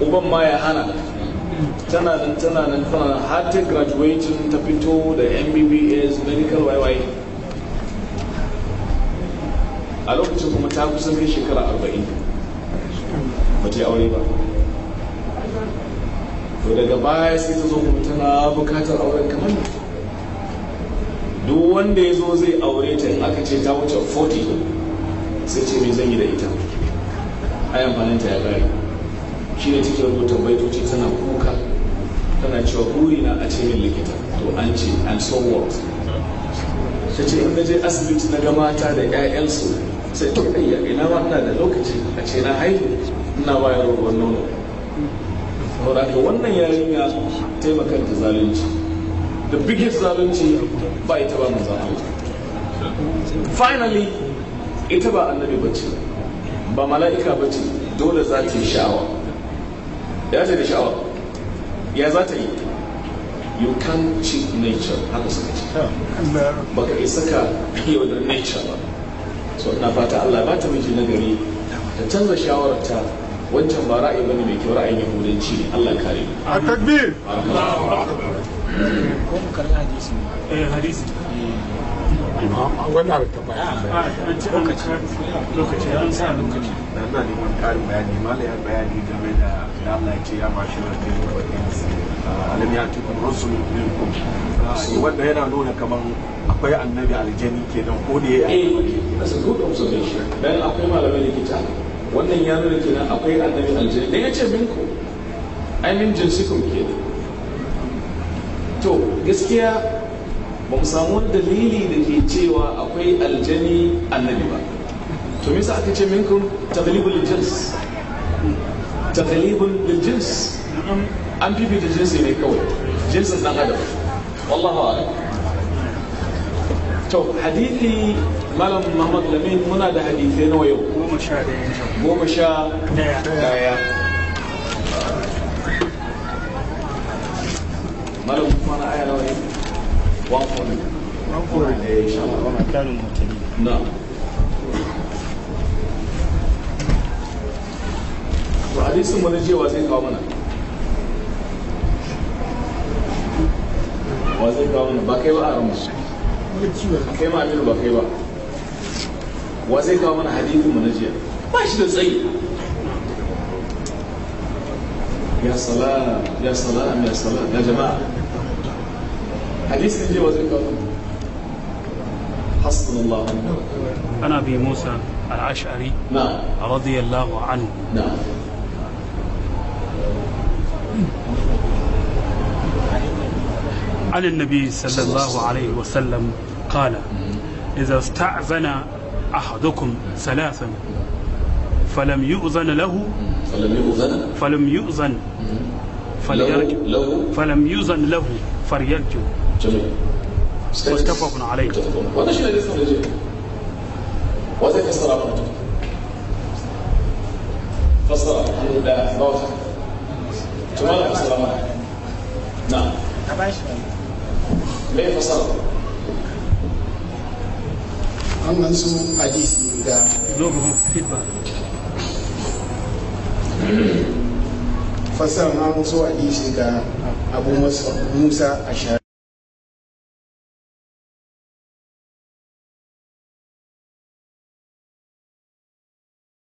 uban ma ya hana tana nan tana nan tana nan har ta graduating ta fito da mbbs medical yy a lokacin kuma ta kusan kai shekara arba'in ba ta yi aure ba to daga baya sai ta zo kuma tana bukatar auren kamar duk wanda ya zo zai aure ta aka ce ta wuce 40 sai ce me zan yi da ita ai amfanin ta ya kare shi ne cikin rubuta baitoci tana kuka tana cewa burina a ce min likita to an ce an so what ta ce in je asibiti na ga mata da 'ya'yansu sai to ya ina ma ina da lokaci a ce na haihu ina bayar ruwan nono saboda haka wannan yarinya taimakar da zalunci the biggest zalunci ba ita ba manzon Allah finally ita ba annabi bace ba mala'ika bace dole za ta yi sha'awa ya ce da sha'awa ya za ta yi you can't cheat nature haka suka ce baka isa ka yaudar nature ba so ina fata Allah ba ta miji nagari ta canza shawarar ta. wancan ba ra'ayi bane mai kyau ra'ayin yahudanci ne Allah kare a takbir ko mu karɓi hadisi eh hadisi wannan ta bayan lokaci lokaci an sa lokaci na bayani mala ya bayani game da da Allah ya ya tukun ah, minkum ah, eh, wanda yana nuna kamar akwai annabi aljani kenan ko da ya yi eh, dan akwai malamai da ke wannan ya nuna kenan akwai annabi aljanna dan yace minku ai min jinsikum kenan to gaskiya ba mu samu dalili da ke cewa akwai aljani annabi ba to me aka ce minkum taghlibul jins taghlibul jins an fifita jinsi ne kawai jinsin dan adam wallahu a'lam to hadithi malam muhammad lamin muna da hadithai nawa yau goma sha ɗaya goma sha ɗaya malam kuma na aya nawa ne one four one four eh, ne sha Allah karin mutane na to hadisin mana sai kawo mana wa kawo mana ba kai ba a ramu kai ma aminu ba kai ba wa zai kawo mana hadithin mu na jiya ba shi da tsayi ya salam ya salam ya salam ya jama'a hadisin jiya wa zai kawo mana حسبنا الله عن ابي موسى الاشعري نعم رضي الله عنه نعم عن النبي صلى الله عليه وسلم قال إذا استأذن أحدكم ثلاثا فلم يؤذن له فلم يؤذن فلم يؤذن فليرجع فلم يؤذن له فليرجع جميل متفق عليه وهذا شيء ليس لجيك وهذا في الصلاة فسر الحمد لله تمام الصلاة نعم ليه فسر an gan su hadisi ga fasar ma musu hadisi ga abu musa a shari'a